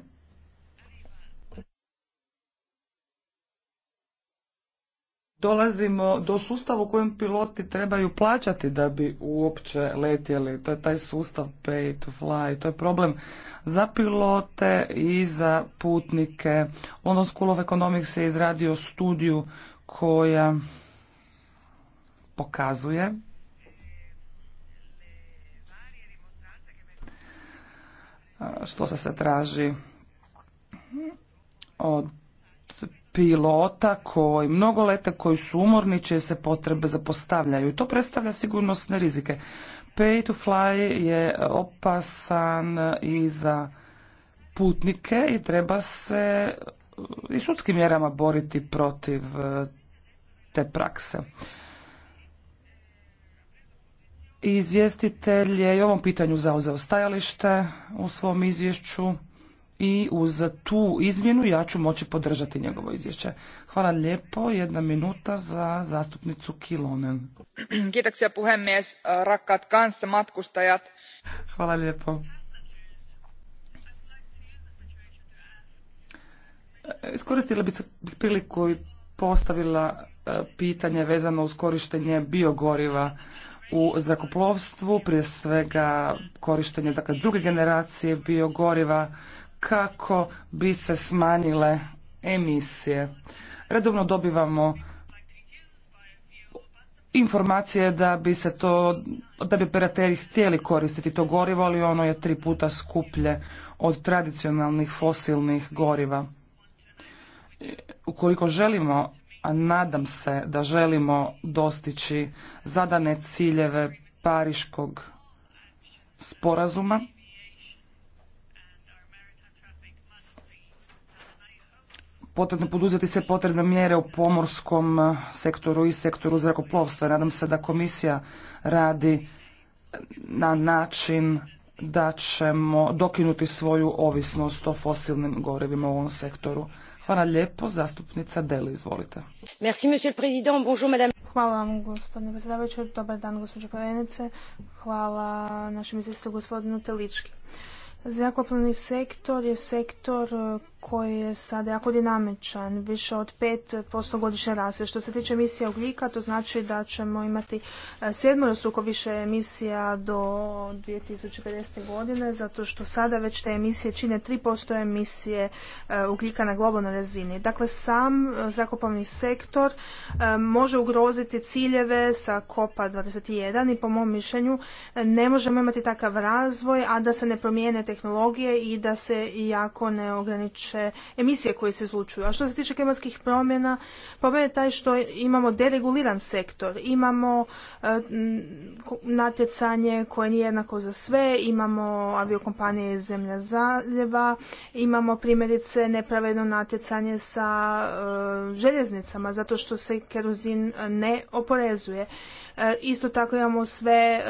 Dolazimo do sustava u kojem piloti trebaju plaćati da bi uopće letjeli. To je taj sustav pay to fly. To je problem za pilote i za putnike. Ono School of Economics je izradio studiju koja pokazuje što se se traži od pilota koji mnogo lete, koji su umorni, čije se potrebe zapostavljaju. to predstavlja sigurnosne rizike. Pay to fly je opasan i za putnike i treba se i sudskim mjerama boriti protiv eh, te prakse. Izvjestitelj je i ovom pitanju zauzeo stajalište u svom izvješću i uz tu izmjenu ja ću moći podržati njegovo izvješće. Hvala lijepo. Jedna minuta za zastupnicu Kilonen. Kiitoksia puhemies, Hvala lijepo. Iskoristila bih priliku i postavila e, pitanje vezano uz korištenje biogoriva u zrakoplovstvu, prije svega korištenje dakle, druge generacije biogoriva kako bi se smanjile emisije. Redovno dobivamo informacije da bi se to, da bi operateri htjeli koristiti to gorivo, ali ono je tri puta skuplje od tradicionalnih fosilnih goriva. Ukoliko želimo nadam se da želimo dostići zadane ciljeve Pariškog sporazuma. Potrebno poduzeti se potrebne mjere u pomorskom sektoru i sektoru zrakoplovstva. Nadam se da komisija radi na način da ćemo dokinuti svoju ovisnost o fosilnim gorivima u ovom sektoru. Hvala lijepo. Zastupnica Deli, izvolite. Merci, monsieur le président. Bonjour, madame. Hvala vam, gospodine predsjedavajući. Dobar dan, gospođo povjerenice. Hvala našem izvjestitelju gospodinu Telički. Zrakoplovni sektor je sektor koji je sada jako dinamičan, više od 5% godišnje rase. Što se tiče emisija ugljika, to znači da ćemo imati e, suko više emisija do 2050. godine, zato što sada već te emisije čine 3% emisije e, ugljika na globalnoj razini. Dakle, sam e, zakupovni sektor može ugroziti ciljeve sa Kopa 21 i po mom mišljenju ne možemo imati takav razvoj, a da se ne promijene tehnologije i da se jako ne ograničuje emisije koje se izlučuju. A što se tiče klimatskih promjena, pa problem je taj što imamo dereguliran sektor, imamo e, natjecanje koje nije jednako za sve, imamo aviokompanije zemlja zaljeva, imamo primjerice nepravedno natjecanje sa e, željeznicama zato što se kerozin ne oporezuje. E, isto tako imamo sve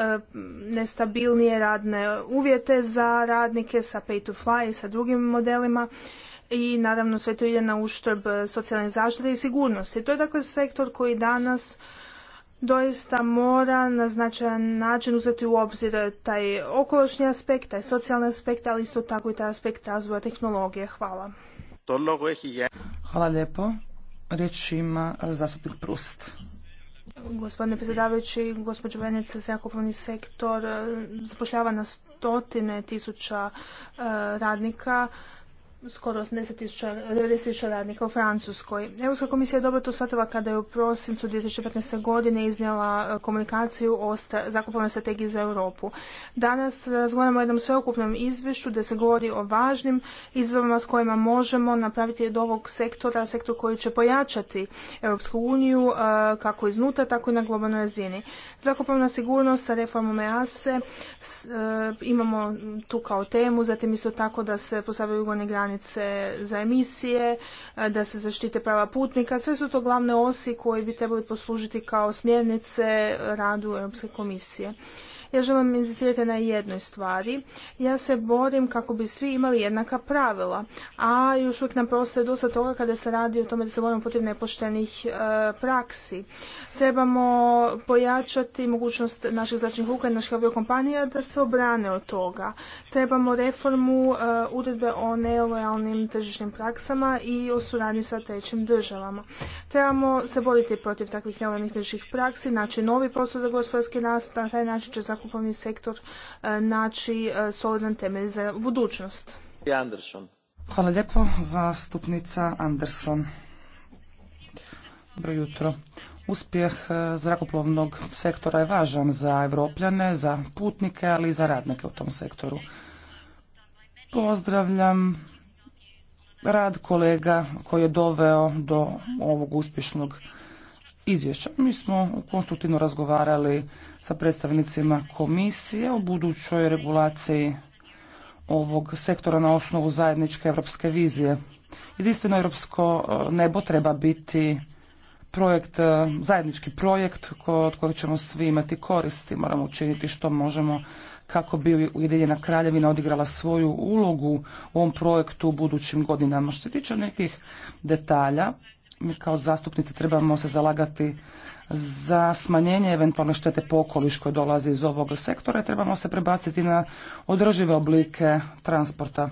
nestabilnije radne uvjete za radnike sa pay to fly i sa drugim modelima i naravno sve to ide na uštrb e, socijalne zaštite i sigurnosti. To je dakle sektor koji danas doista mora na značajan način uzeti u obzir taj okolišni aspekt, taj socijalni aspekt, ali isto tako i taj aspekt razvoja tehnologije. Hvala. Hvala lijepo. ima e, zastupnik Prust. Gospodine predsjedavajući, gospođo Venica, zakupovni sektor e, zapošljava na stotine tisuća radnika skoro 90.000 radnika u Francuskoj. Europska komisija je dobro to shvatila kada je u prosincu 2015. godine iznijela e, komunikaciju o zakupovnoj strategiji za Europu. Danas razgovaramo o jednom sveukupnom izvješću gdje se govori o važnim izvorima s kojima možemo napraviti od ovog sektora, sektor koji će pojačati Europsku uniju e, kako iznutra, tako i na globalnoj razini. Zakupovna sigurnost sa reformom EASE e, imamo tu kao temu, zatim isto tako da se postavljaju ugodne grane za emisije, e, da se zaštite prava putnika. Sve su to glavne osi koje bi trebali poslužiti kao smjernice radu Europske komisije. Ja želim inzistirati na jednoj stvari. Ja se borim kako bi svi imali jednaka pravila, a još uvijek nam prostaje dosta toga kada se radi o tome da se borimo protiv nepoštenih e, praksi. Trebamo pojačati mogućnost naših zračnih luka i naših aviokompanija da se obrane od toga. Trebamo reformu e, uredbe o nelojalnim tržišnim praksama i o suradnji sa trećim državama. Trebamo se boriti protiv takvih nelojalnih tržišnih praksi, naći novi prostor za gospodarski rast, na taj način će zrakoplovni sektor e, naći e, solidan temelj za budućnost. Hvala lijepo, zastupnica Anderson. Dobro jutro. Uspjeh e, zrakoplovnog sektora je važan za evropljane, za putnike, ali i za radnike u tom sektoru. Pozdravljam rad kolega koji je doveo do ovog uspješnog izvješća. Mi smo konstruktivno razgovarali sa predstavnicima komisije o budućoj regulaciji ovog sektora na osnovu zajedničke europske vizije. Jedinstveno europsko e, nebo treba biti projekt, e, zajednički projekt od kojeg ćemo svi imati koristi. Moramo učiniti što možemo kako bi Ujedinjena kraljevina odigrala svoju ulogu u ovom projektu u budućim godinama. Što se tiče nekih detalja, mi kao zastupnici trebamo se zalagati za smanjenje eventualne štete po okoliš koje dolazi iz ovog sektora i trebamo se prebaciti na održive oblike transporta.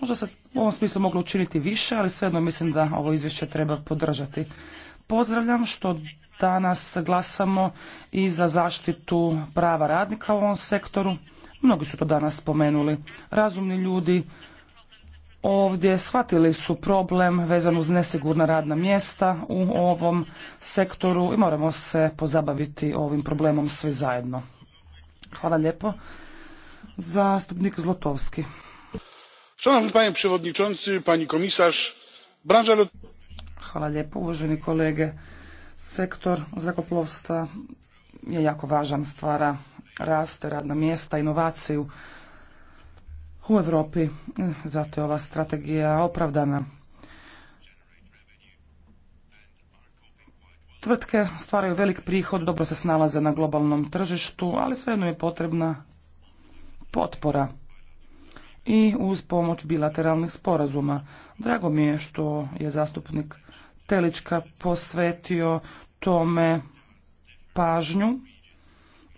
Možda se u ovom smislu moglo učiniti više, ali svejedno mislim da ovo izvješće treba podržati. Pozdravljam što danas glasamo i za zaštitu prava radnika u ovom sektoru. Mnogi su to danas spomenuli. Razumni ljudi ovdje shvatili su problem vezan uz nesigurna radna mjesta u ovom sektoru i moramo se pozabaviti ovim problemom sve zajedno. Hvala lijepo. Zastupnik Zlotovski. Szanowny panie przewodniczący, pani komisarz, branża Hvala lijepo, uvaženi kolege. Sektor zrakoplovstva je jako važan, stvara raste radna mjesta, inovaciju, u Europi. Zato je ova strategija opravdana. Tvrtke stvaraju velik prihod, dobro se snalaze na globalnom tržištu, ali svejedno je potrebna potpora i uz pomoć bilateralnih sporazuma. Drago mi je što je zastupnik Telička posvetio tome pažnju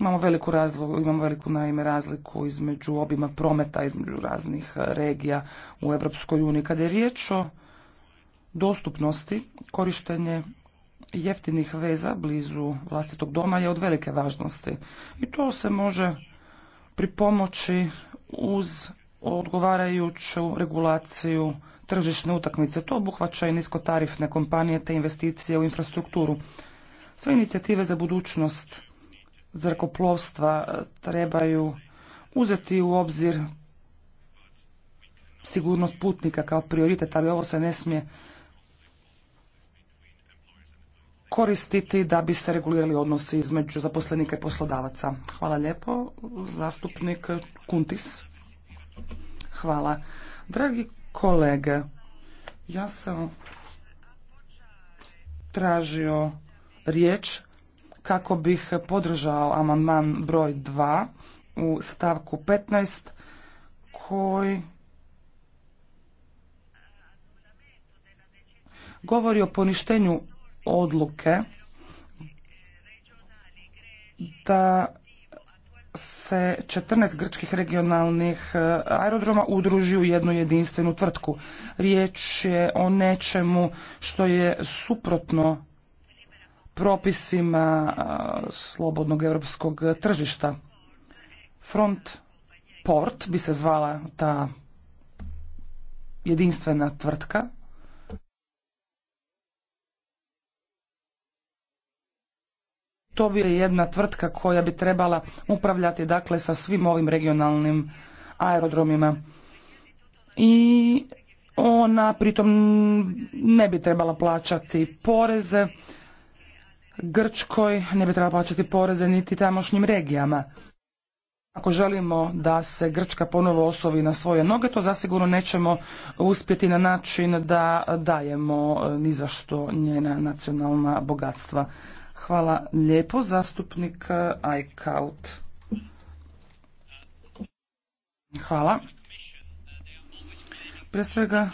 Imamo veliku razliku, imamo veliku naime razliku između obima prometa između raznih e, regija u Europskoj uniji. Kada je riječ o dostupnosti, korištenje jeftinih veza blizu vlastitog doma je od velike važnosti i to se može pripomoći uz odgovarajuću regulaciju tržišne utakmice. To obuhvaća i niskotarifne kompanije te investicije u infrastrukturu. Sve inicijative za budućnost zrakoplovstva eh, trebaju uzeti u obzir sigurnost putnika kao prioritet, ali ovo se ne smije koristiti da bi se regulirali odnosi između zaposlenika i poslodavaca. Hvala lijepo, zastupnik Kuntis. Hvala. Dragi kolege, ja sam tražio riječ kako bih podržao amandman broj 2 u stavku 15 koji govori o poništenju odluke da se 14 grčkih regionalnih e, aerodroma udruži u jednu jedinstvenu tvrtku. Riječ je o nečemu što je suprotno propisima slobodnog europskog tržišta. Front Port bi se zvala ta jedinstvena tvrtka. To bi je jedna tvrtka koja bi trebala upravljati dakle sa svim ovim regionalnim aerodromima. I ona pritom ne bi trebala plaćati poreze Grčkoj, ne bi trebala plaćati poreze niti tamošnjim regijama. Ako želimo da se Grčka ponovo osovi na svoje noge, to zasigurno nećemo uspjeti na način da dajemo e, ni za njena nacionalna bogatstva. Hvala lijepo, zastupnik Ajkaut. E, Hvala. Pre svega,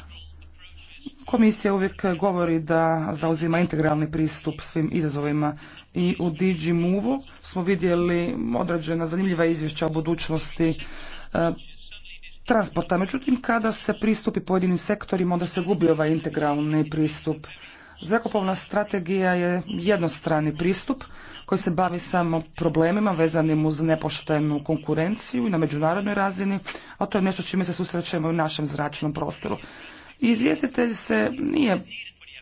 Komisija uvijek govori da zauzima integralni pristup svim izazovima i u move u smo vidjeli određena zanimljiva izvješća o budućnosti e, transporta. Međutim, kada se pristupi pojedinim sektorima, onda se gubi ovaj integralni pristup. Zrakoplovna strategija je jednostrani pristup koji se bavi samo problemima vezanim uz nepoštenu konkurenciju i na međunarodnoj razini, a to je nešto čime se susrećemo i u našem zračnom prostoru. Izvjestitelj se nije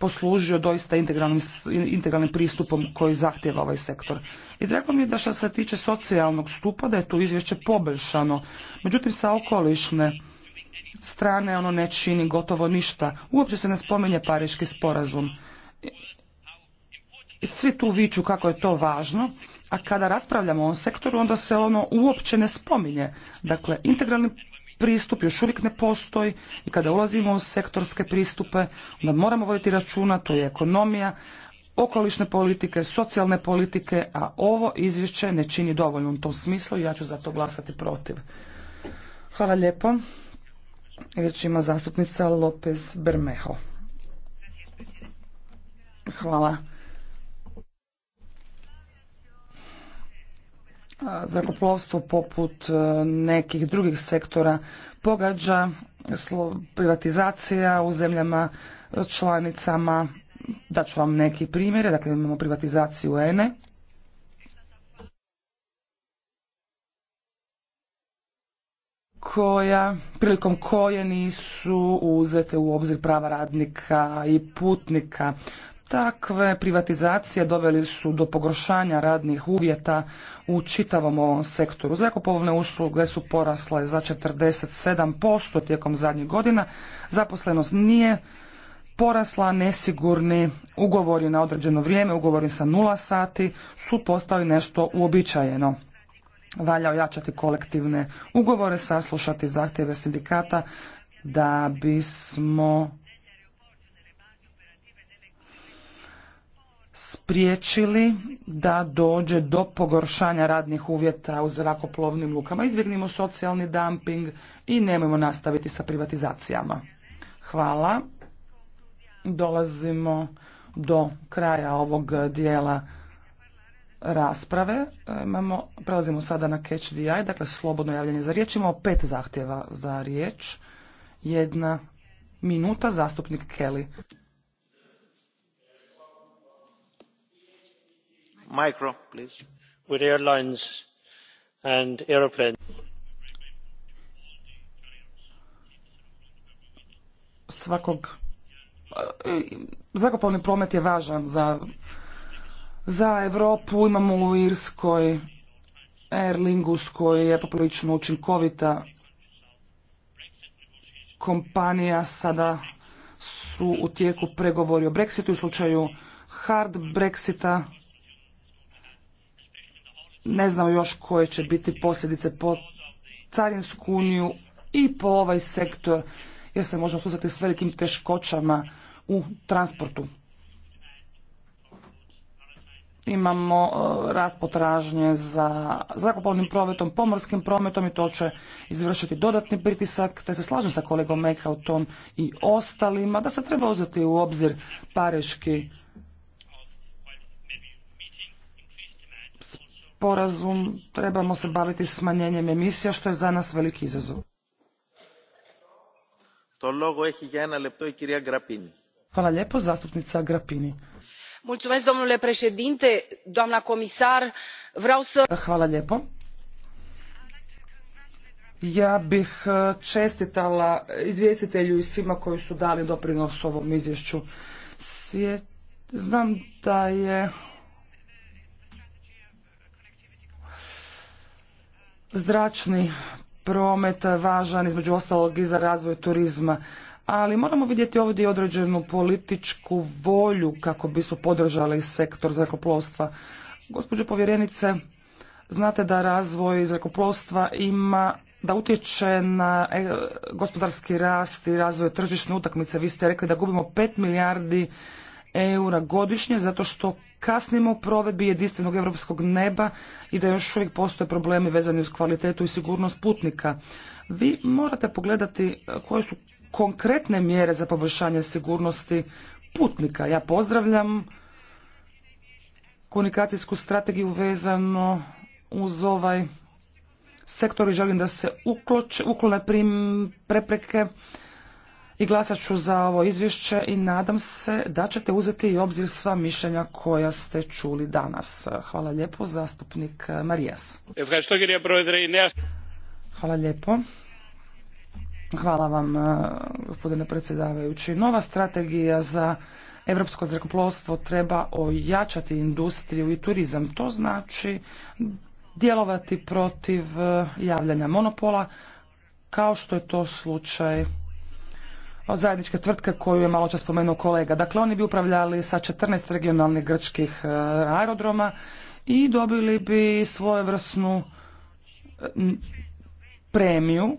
poslužio doista integralnim, integralnim pristupom koji zahtjeva ovaj sektor. I drago mi je da što se tiče socijalnog stupa da je tu izvješće poboljšano. Međutim, sa okolišne strane ono ne čini gotovo ništa. Uopće se ne spominje pariški sporazum. Svi tu viču kako je to važno, a kada raspravljamo o sektoru onda se ono uopće ne spominje. Dakle, integralni pristup još uvijek ne postoji i kada ulazimo u sektorske pristupe, onda moramo voditi računa, to je ekonomija, okolišne politike, socijalne politike, a ovo izvješće ne čini dovoljno u tom smislu i ja ću zato glasati protiv. Hvala lijepo. Riječ ima zastupnica Lopez Bermejo. Hvala. zrakoplovstvo poput e, nekih drugih sektora pogađa privatizacija u zemljama e, članicama. Daću vam neki primjere, dakle imamo privatizaciju ENE, koja, prilikom koje nisu uzete u obzir prava radnika i putnika. Takve privatizacije doveli su do pogoršanja radnih uvjeta u čitavom ovom sektoru. Zrakoplovne usluge su porasle za 47% tijekom zadnjih godina. Zaposlenost nije porasla, nesigurni ugovori na određeno vrijeme, ugovori sa nula sati su postali nešto uobičajeno. Valja ojačati kolektivne ugovore, saslušati zahtjeve sindikata da bismo spriječili da dođe do pogoršanja radnih uvjeta u zrakoplovnim lukama. Izbjegnimo socijalni dumping i nemojmo nastaviti sa privatizacijama. Hvala. Dolazimo do kraja ovog dijela rasprave. E, prelazimo sada na catch the dakle slobodno javljanje za riječ. Imamo pet zahtjeva za riječ. Jedna minuta, zastupnik Kelly. Micro, with airlines and aeroplanes. Svakog e, zrakoplovni promet je važan za za Europu. Imamo u Irskoj Aer Lingus koji je poprilično učinkovita kompanija. Sada su u tijeku pregovori o Brexitu u slučaju hard Brexita ne znamo još koje će biti posljedice po carinsku uniju i po ovaj sektor jer se možemo susreti s velikim teškoćama u transportu. Imamo e, rast potražnje za zrakoplovnim prometom, pomorskim prometom i to će izvršiti dodatni pritisak, te se slažem sa kolegom Mekautom i ostalima da se treba uzeti u obzir pareški sporazum trebamo se baviti smanjenjem emisija što je za nas veliki izazov. Hvala lijepo, zastupnica Grapini. Mulțumesc, domnule președinte, doamna comisar, vreau Hvala lijepo. Ja bih e, čestitala izvjestitelju i svima koji su dali doprinos ovom izvješću. Znam da je zračni promet važan između ostalog i za razvoj turizma. Ali moramo vidjeti ovdje određenu političku volju kako bismo podržali sektor zrakoplovstva. Gospođo povjerenice, znate da razvoj zrakoplovstva ima da utječe na e, gospodarski rast i razvoj tržišne utakmice. Vi ste rekli da gubimo 5 milijardi eura godišnje zato što kasnimo u provedbi jedinstvenog europskog neba i da još uvijek postoje problemi vezani uz kvalitetu i sigurnost putnika. Vi morate pogledati e, koje su konkretne mjere za poboljšanje sigurnosti putnika. Ja pozdravljam komunikacijsku strategiju vezano uz ovaj sektor i želim da se uklone prepreke i glasat ću za ovo izvješće i nadam se da ćete uzeti i obzir sva mišljenja koja ste čuli danas. Hvala lijepo, zastupnik Marijas. Hvala lijepo. Hvala vam, eh, gospodine predsjedavajući. Nova strategija za europsko zrakoplovstvo treba ojačati industriju i turizam. To znači djelovati protiv eh, javljanja monopola, kao što je to slučaj zajedničke tvrtke koju je malo čas spomenuo kolega. Dakle, oni bi upravljali sa 14 regionalnih grčkih e, aerodroma i dobili bi svojevrsnu e, premiju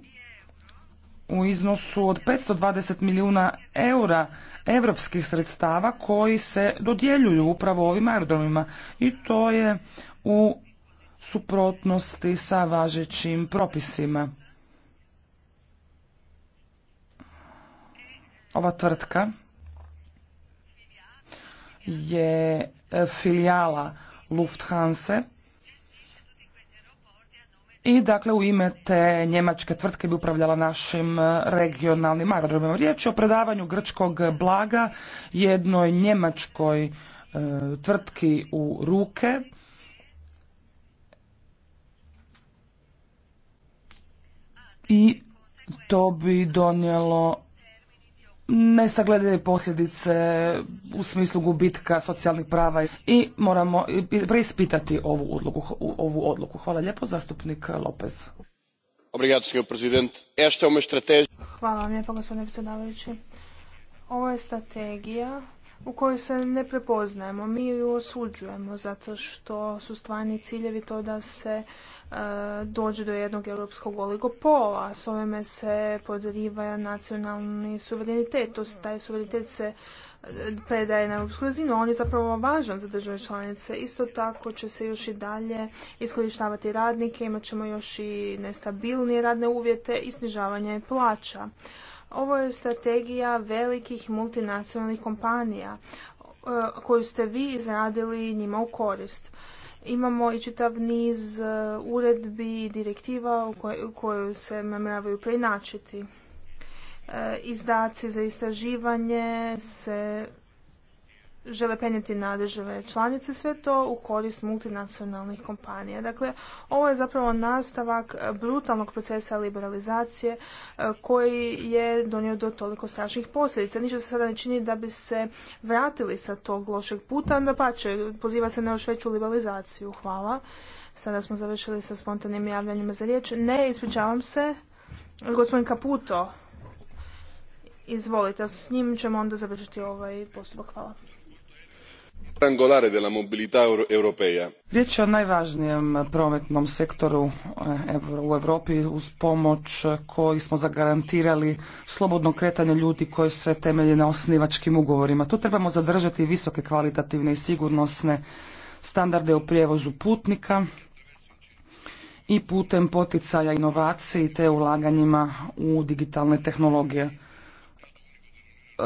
u iznosu od 520 milijuna eura europskih sredstava koji se dodjeljuju upravo ovim aerodromima i to je u suprotnosti sa važećim propisima. Ova tvrtka je e, filijala Lufthansa i dakle u ime te njemačke tvrtke bi upravljala našim e, regionalnim aerodromima. Riječ je o predavanju grčkog blaga jednoj njemačkoj e, tvrtki u ruke. I to bi donijelo nesagledive posljedice u smislu gubitka socijalnih prava i moramo preispitati ovu odluku. Ovu odluku. Hvala lijepo, zastupnik Lopez. Hvala vam lijepo, gospodine predsjedavajući. Ovo je strategija u kojoj se ne prepoznajemo. Mi ju osuđujemo zato što su stvarni ciljevi to da se e, dođe do jednog europskog oligopola. S ovime se podriva nacionalni suverenitet. To, taj suverenitet se e, predaje na europsku razinu. On je zapravo važan za države članice. Isto tako će se još i dalje iskorištavati radnike. Imat ćemo još i nestabilnije radne uvjete i snižavanje plaća. Ovo je strategija velikih multinacionalnih kompanija e, koju ste vi izradili njima u korist. Imamo i čitav niz e, uredbi i direktiva u koju se namjeravaju preinačiti. E, izdaci za istraživanje se žele penjeti na države članice, sve to u korist multinacionalnih kompanija. Dakle, ovo je zapravo nastavak brutalnog procesa liberalizacije e, koji je donio do toliko strašnih posljedica. Ništa se sada ne čini da bi se vratili sa tog lošeg puta, da pače, poziva se na još veću liberalizaciju. Hvala. Sada smo završili sa spontanim javljanjima za riječ. Ne, ispričavam se. Gospodin Kaputo, izvolite, s njim ćemo onda završiti ovaj postupak. Hvala angolare della mobilità europea. Riječ je o najvažnijem prometnom sektoru eh, u Europi uz pomoć koji smo zagarantirali slobodno kretanje ljudi koji se temelje na osnivačkim ugovorima. Tu trebamo zadržati visoke kvalitativne i sigurnosne standarde u prijevozu putnika i putem poticaja inovaciji te ulaganjima u digitalne tehnologije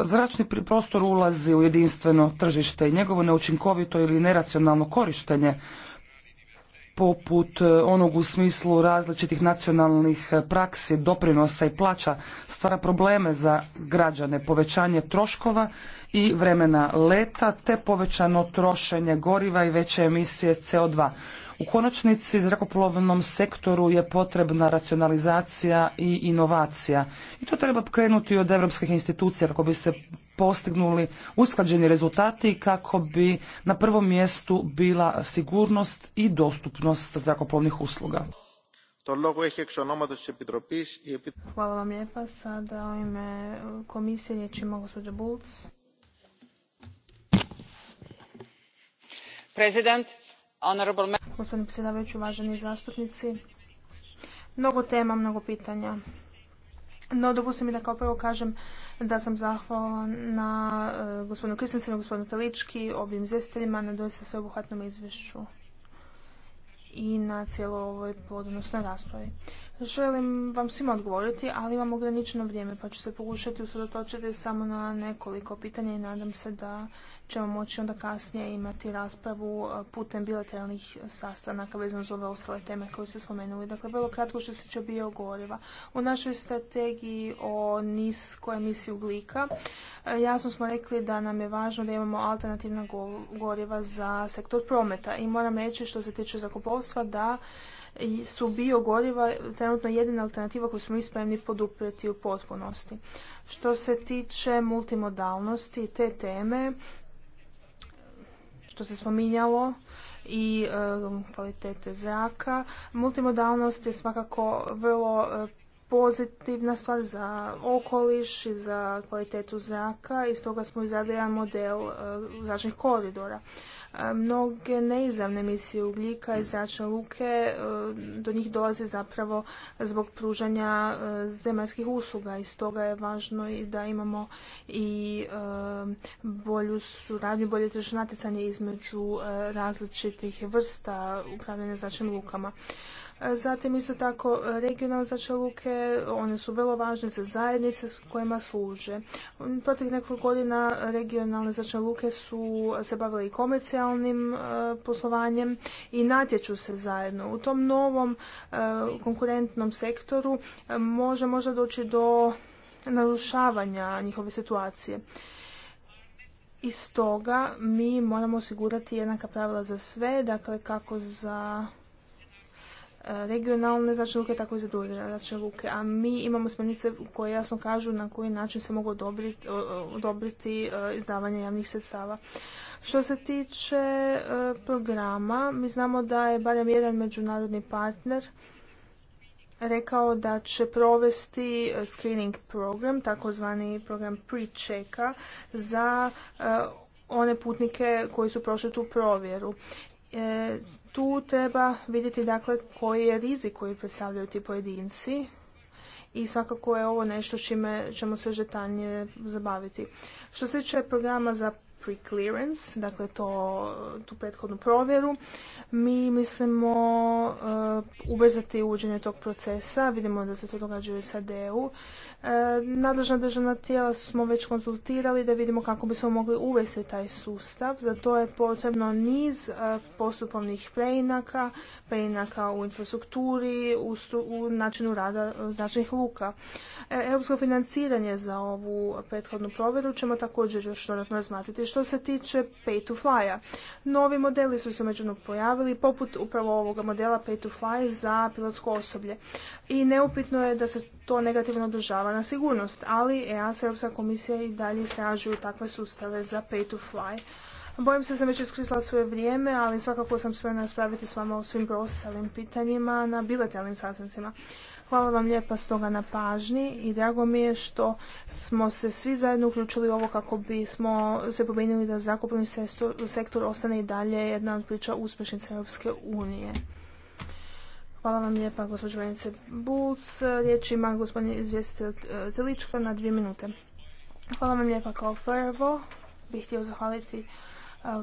zračni prostor ulazi u jedinstveno tržište i njegovo neučinkovito ili neracionalno korištenje poput e, onog u smislu različitih nacionalnih e, praksi, doprinosa i plaća stvara probleme za građane, povećanje troškova i vremena leta te povećano trošenje goriva i veće emisije CO2. U konačnici zrakoplovnom sektoru je potrebna racionalizacija i inovacija i to treba krenuti od europskih institucija kako bi se postignuli usklađeni rezultati kako bi na prvom mjestu bila sigurnost i dostupnost zrakoplovnih usluga. Hvala vam lijepa. Sada u ime komisije gospođa Bulc. Honorable... Gospodine predsjedavajući, uvaženi zastupnici, mnogo tema, mnogo pitanja. No, dopustite mi da kao prvo kažem da sam zahvala na e, gospodinu Kristensenu, gospodinu Telički, obim izvjestiteljima na doista sveobuhvatnom izvješću i na cijeloj ovoj plodonosnoj raspravi. Želim vam svima odgovoriti, ali imam ograničeno vrijeme, pa ću se pokušati usredotočiti samo na nekoliko pitanja i nadam se da ćemo moći onda kasnije imati raspravu e, putem bilateralnih sastanaka vezano za ove ostale teme koje ste spomenuli. Dakle, vrlo kratko što se tiče biogoriva. U našoj strategiji o niskoj emisiji uglika e, jasno smo rekli da nam je važno da imamo alternativna goriva za sektor prometa i moram reći što se tiče zakupovstva iskustva da su biogoriva trenutno jedina alternativa koju smo mi spremni poduprijeti u potpunosti. Što se tiče multimodalnosti te teme, što se spominjalo, i um, kvalitete zraka. Multimodalnost je svakako vrlo uh, pozitivna stvar za okoliš i za kvalitetu zraka i stoga smo izradili jedan model uh, zračnih koridora mnoge neizravne emisije ugljika i zračne luke e, do njih dolaze zapravo zbog pružanja e, zemaljskih usluga i stoga je važno i da imamo i e, bolju suradnju, bolje tržišno natjecanje između različitih vrsta upravljanja zračnim lukama. Zatim isto tako e, regionalne zračne luke, one su vrlo važne za zajednice s kojima služe. Mm, Protek nekoliko godina regionalne znači su se bavile i komercijalnim e, poslovanjem i natječu se zajedno. U tom novom e, konkurentnom sektoru može možda doći do narušavanja njihove situacije. I stoga mi moramo osigurati jednaka pravila za sve, dakle kako za E, regionalne znači luke, tako i za druge zračne luke. A mi imamo smjernice koje jasno kažu na koji način se mogu odobriti, odobriti e, izdavanje javnih sredstava. Što se tiče e, programa, mi znamo da je barem jedan međunarodni partner rekao da će provesti screening program, takozvani program pre za one putnike koji su prošli tu provjeru. E, tu treba vidjeti dakle koji je rizik koji predstavljaju ti pojedinci i svakako je ovo nešto s čime ćemo se detaljnije zabaviti. Što se tiče programa za pre-clearance, dakle to, tu prethodnu provjeru, mi mislimo uh, ubrzati uvođenje tog procesa, vidimo da se to događa u SAD-u E, nadležna državna tijela smo već konzultirali da vidimo kako bismo mogli uvesti taj sustav. Za to je potrebno niz e, postupovnih preinaka, preinaka u infrastrukturi, u, načinu rada e, značajnih luka. Europsko financiranje za ovu prethodnu provjeru ćemo također još dodatno razmatrati. Što se tiče pay to fly-a, novi modeli su se međunog pojavili, poput upravo ovoga modela pay to fly za pilotsko osoblje. I neupitno je da se to negativno održava na sigurnost, ali EAS, Europska komisija i dalje istražuju takve sustave za pay to fly. Bojim se da sam već iskrisla svoje vrijeme, ali svakako sam spremna spraviti s vama o svim preostalim pitanjima na bilateralnim sastancima. Hvala vam lijepa stoga na pažnji i drago mi je što smo se svi zajedno uključili u ovo kako bismo se pobjenili da zakupni sektor ostane i dalje jedna od priča uspješnica Europske unije. Hvala vam lijepa, gospođo Venice Bulc. Riječ ima gospodin izvjestitelj e, Telička na dvije minute. Hvala vam lijepa kao prvo. Bih htio zahvaliti e,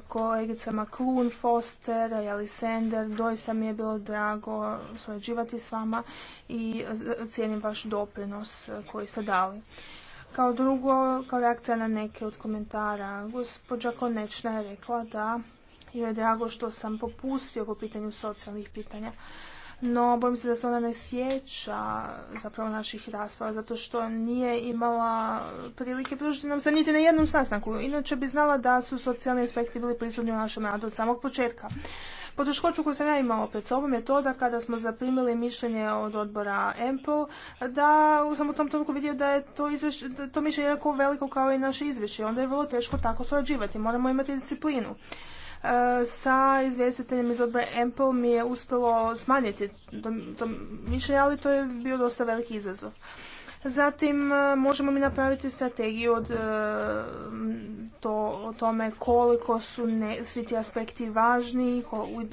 kolegicama Klun, Foster, Jali Sender. Doista mi je bilo drago surađivati s vama i cijenim vaš doprinos e, koji ste dali. Kao drugo, kao reakcija na neke od komentara, gospođa Konečna je rekla da je drago što sam popustio po pitanju socijalnih pitanja no bojim se da se ona ne sjeća zapravo naših rasprava, zato što nije imala prilike pružiti nam se niti na jednom sastanku. Inače bi znala da su socijalni aspekti bili prisutni u našem radu od samog početka. Poteškoću koju sam ja imala pred sobom je to da kada smo zaprimili mišljenje od odbora empo da sam u tom trenutku vidio da je to, to mišljenje jako veliko kao i naše izvješće. Onda je vrlo teško tako surađivati. Moramo imati disciplinu. E, sa izvjestiteljem iz odbora Ample mi je uspjelo smanjiti to, to mišljenje, ali to je bio dosta veliki izazov. Zatim e, možemo mi napraviti strategiju od, e, to, o tome koliko su svi ti aspekti važni,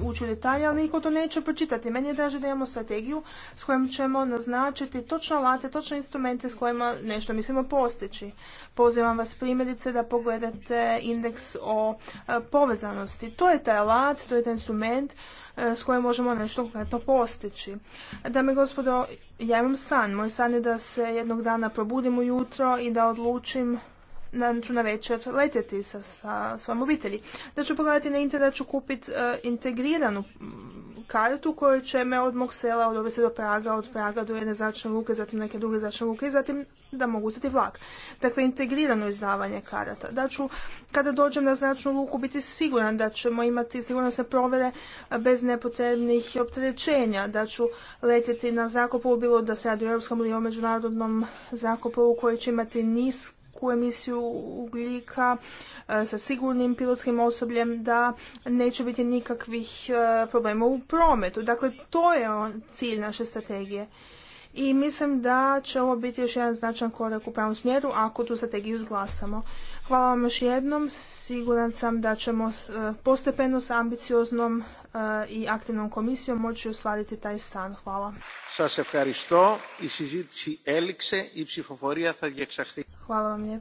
ući u detalje, ali niko to neće pročitati. Meni je draže da imamo strategiju s kojom ćemo naznačiti točno alate, točno instrumente s kojima nešto mislimo postići. Pozivam vas primjerice da pogledate indeks o e, povezanosti. To je taj alat, to je taj instrument s kojom možemo nešto konkretno postići. Dame i gospodo, ja imam san. Moj san je da se jednog dana probudim ujutro i da odlučim na, ću na večer letjeti sa, sa svojom obitelji. Da ću pogledati na internet, da ću kupiti e, integriranu kartu koju će me od mog sela do Praga, od Praga do jedne zračne luke, zatim neke druge zračne luke i zatim da mogu uzeti vlak. Dakle, integrirano izdavanje karata. Da ću, kada dođem na zračnu luku, biti siguran da ćemo imati sigurnosne provere bez nepotrebnih opterećenja, da ću letjeti na zakopu, bilo da se radi o europskom ili o međunarodnom u koji će imati niz u emisiju ugljika e, sa sigurnim pilotskim osobljem, da neće biti nikakvih e, problema u prometu. Dakle, to je cilj naše strategije. I mislim da će ovo biti još jedan značajan korak u pravom smjeru ako tu strategiju izglasamo. Hvala vam još jednom. Siguran sam da ćemo e, postepeno s ambicioznom e, i aktivnom komisijom moći ostvariti taj san. Hvala. Hvala vam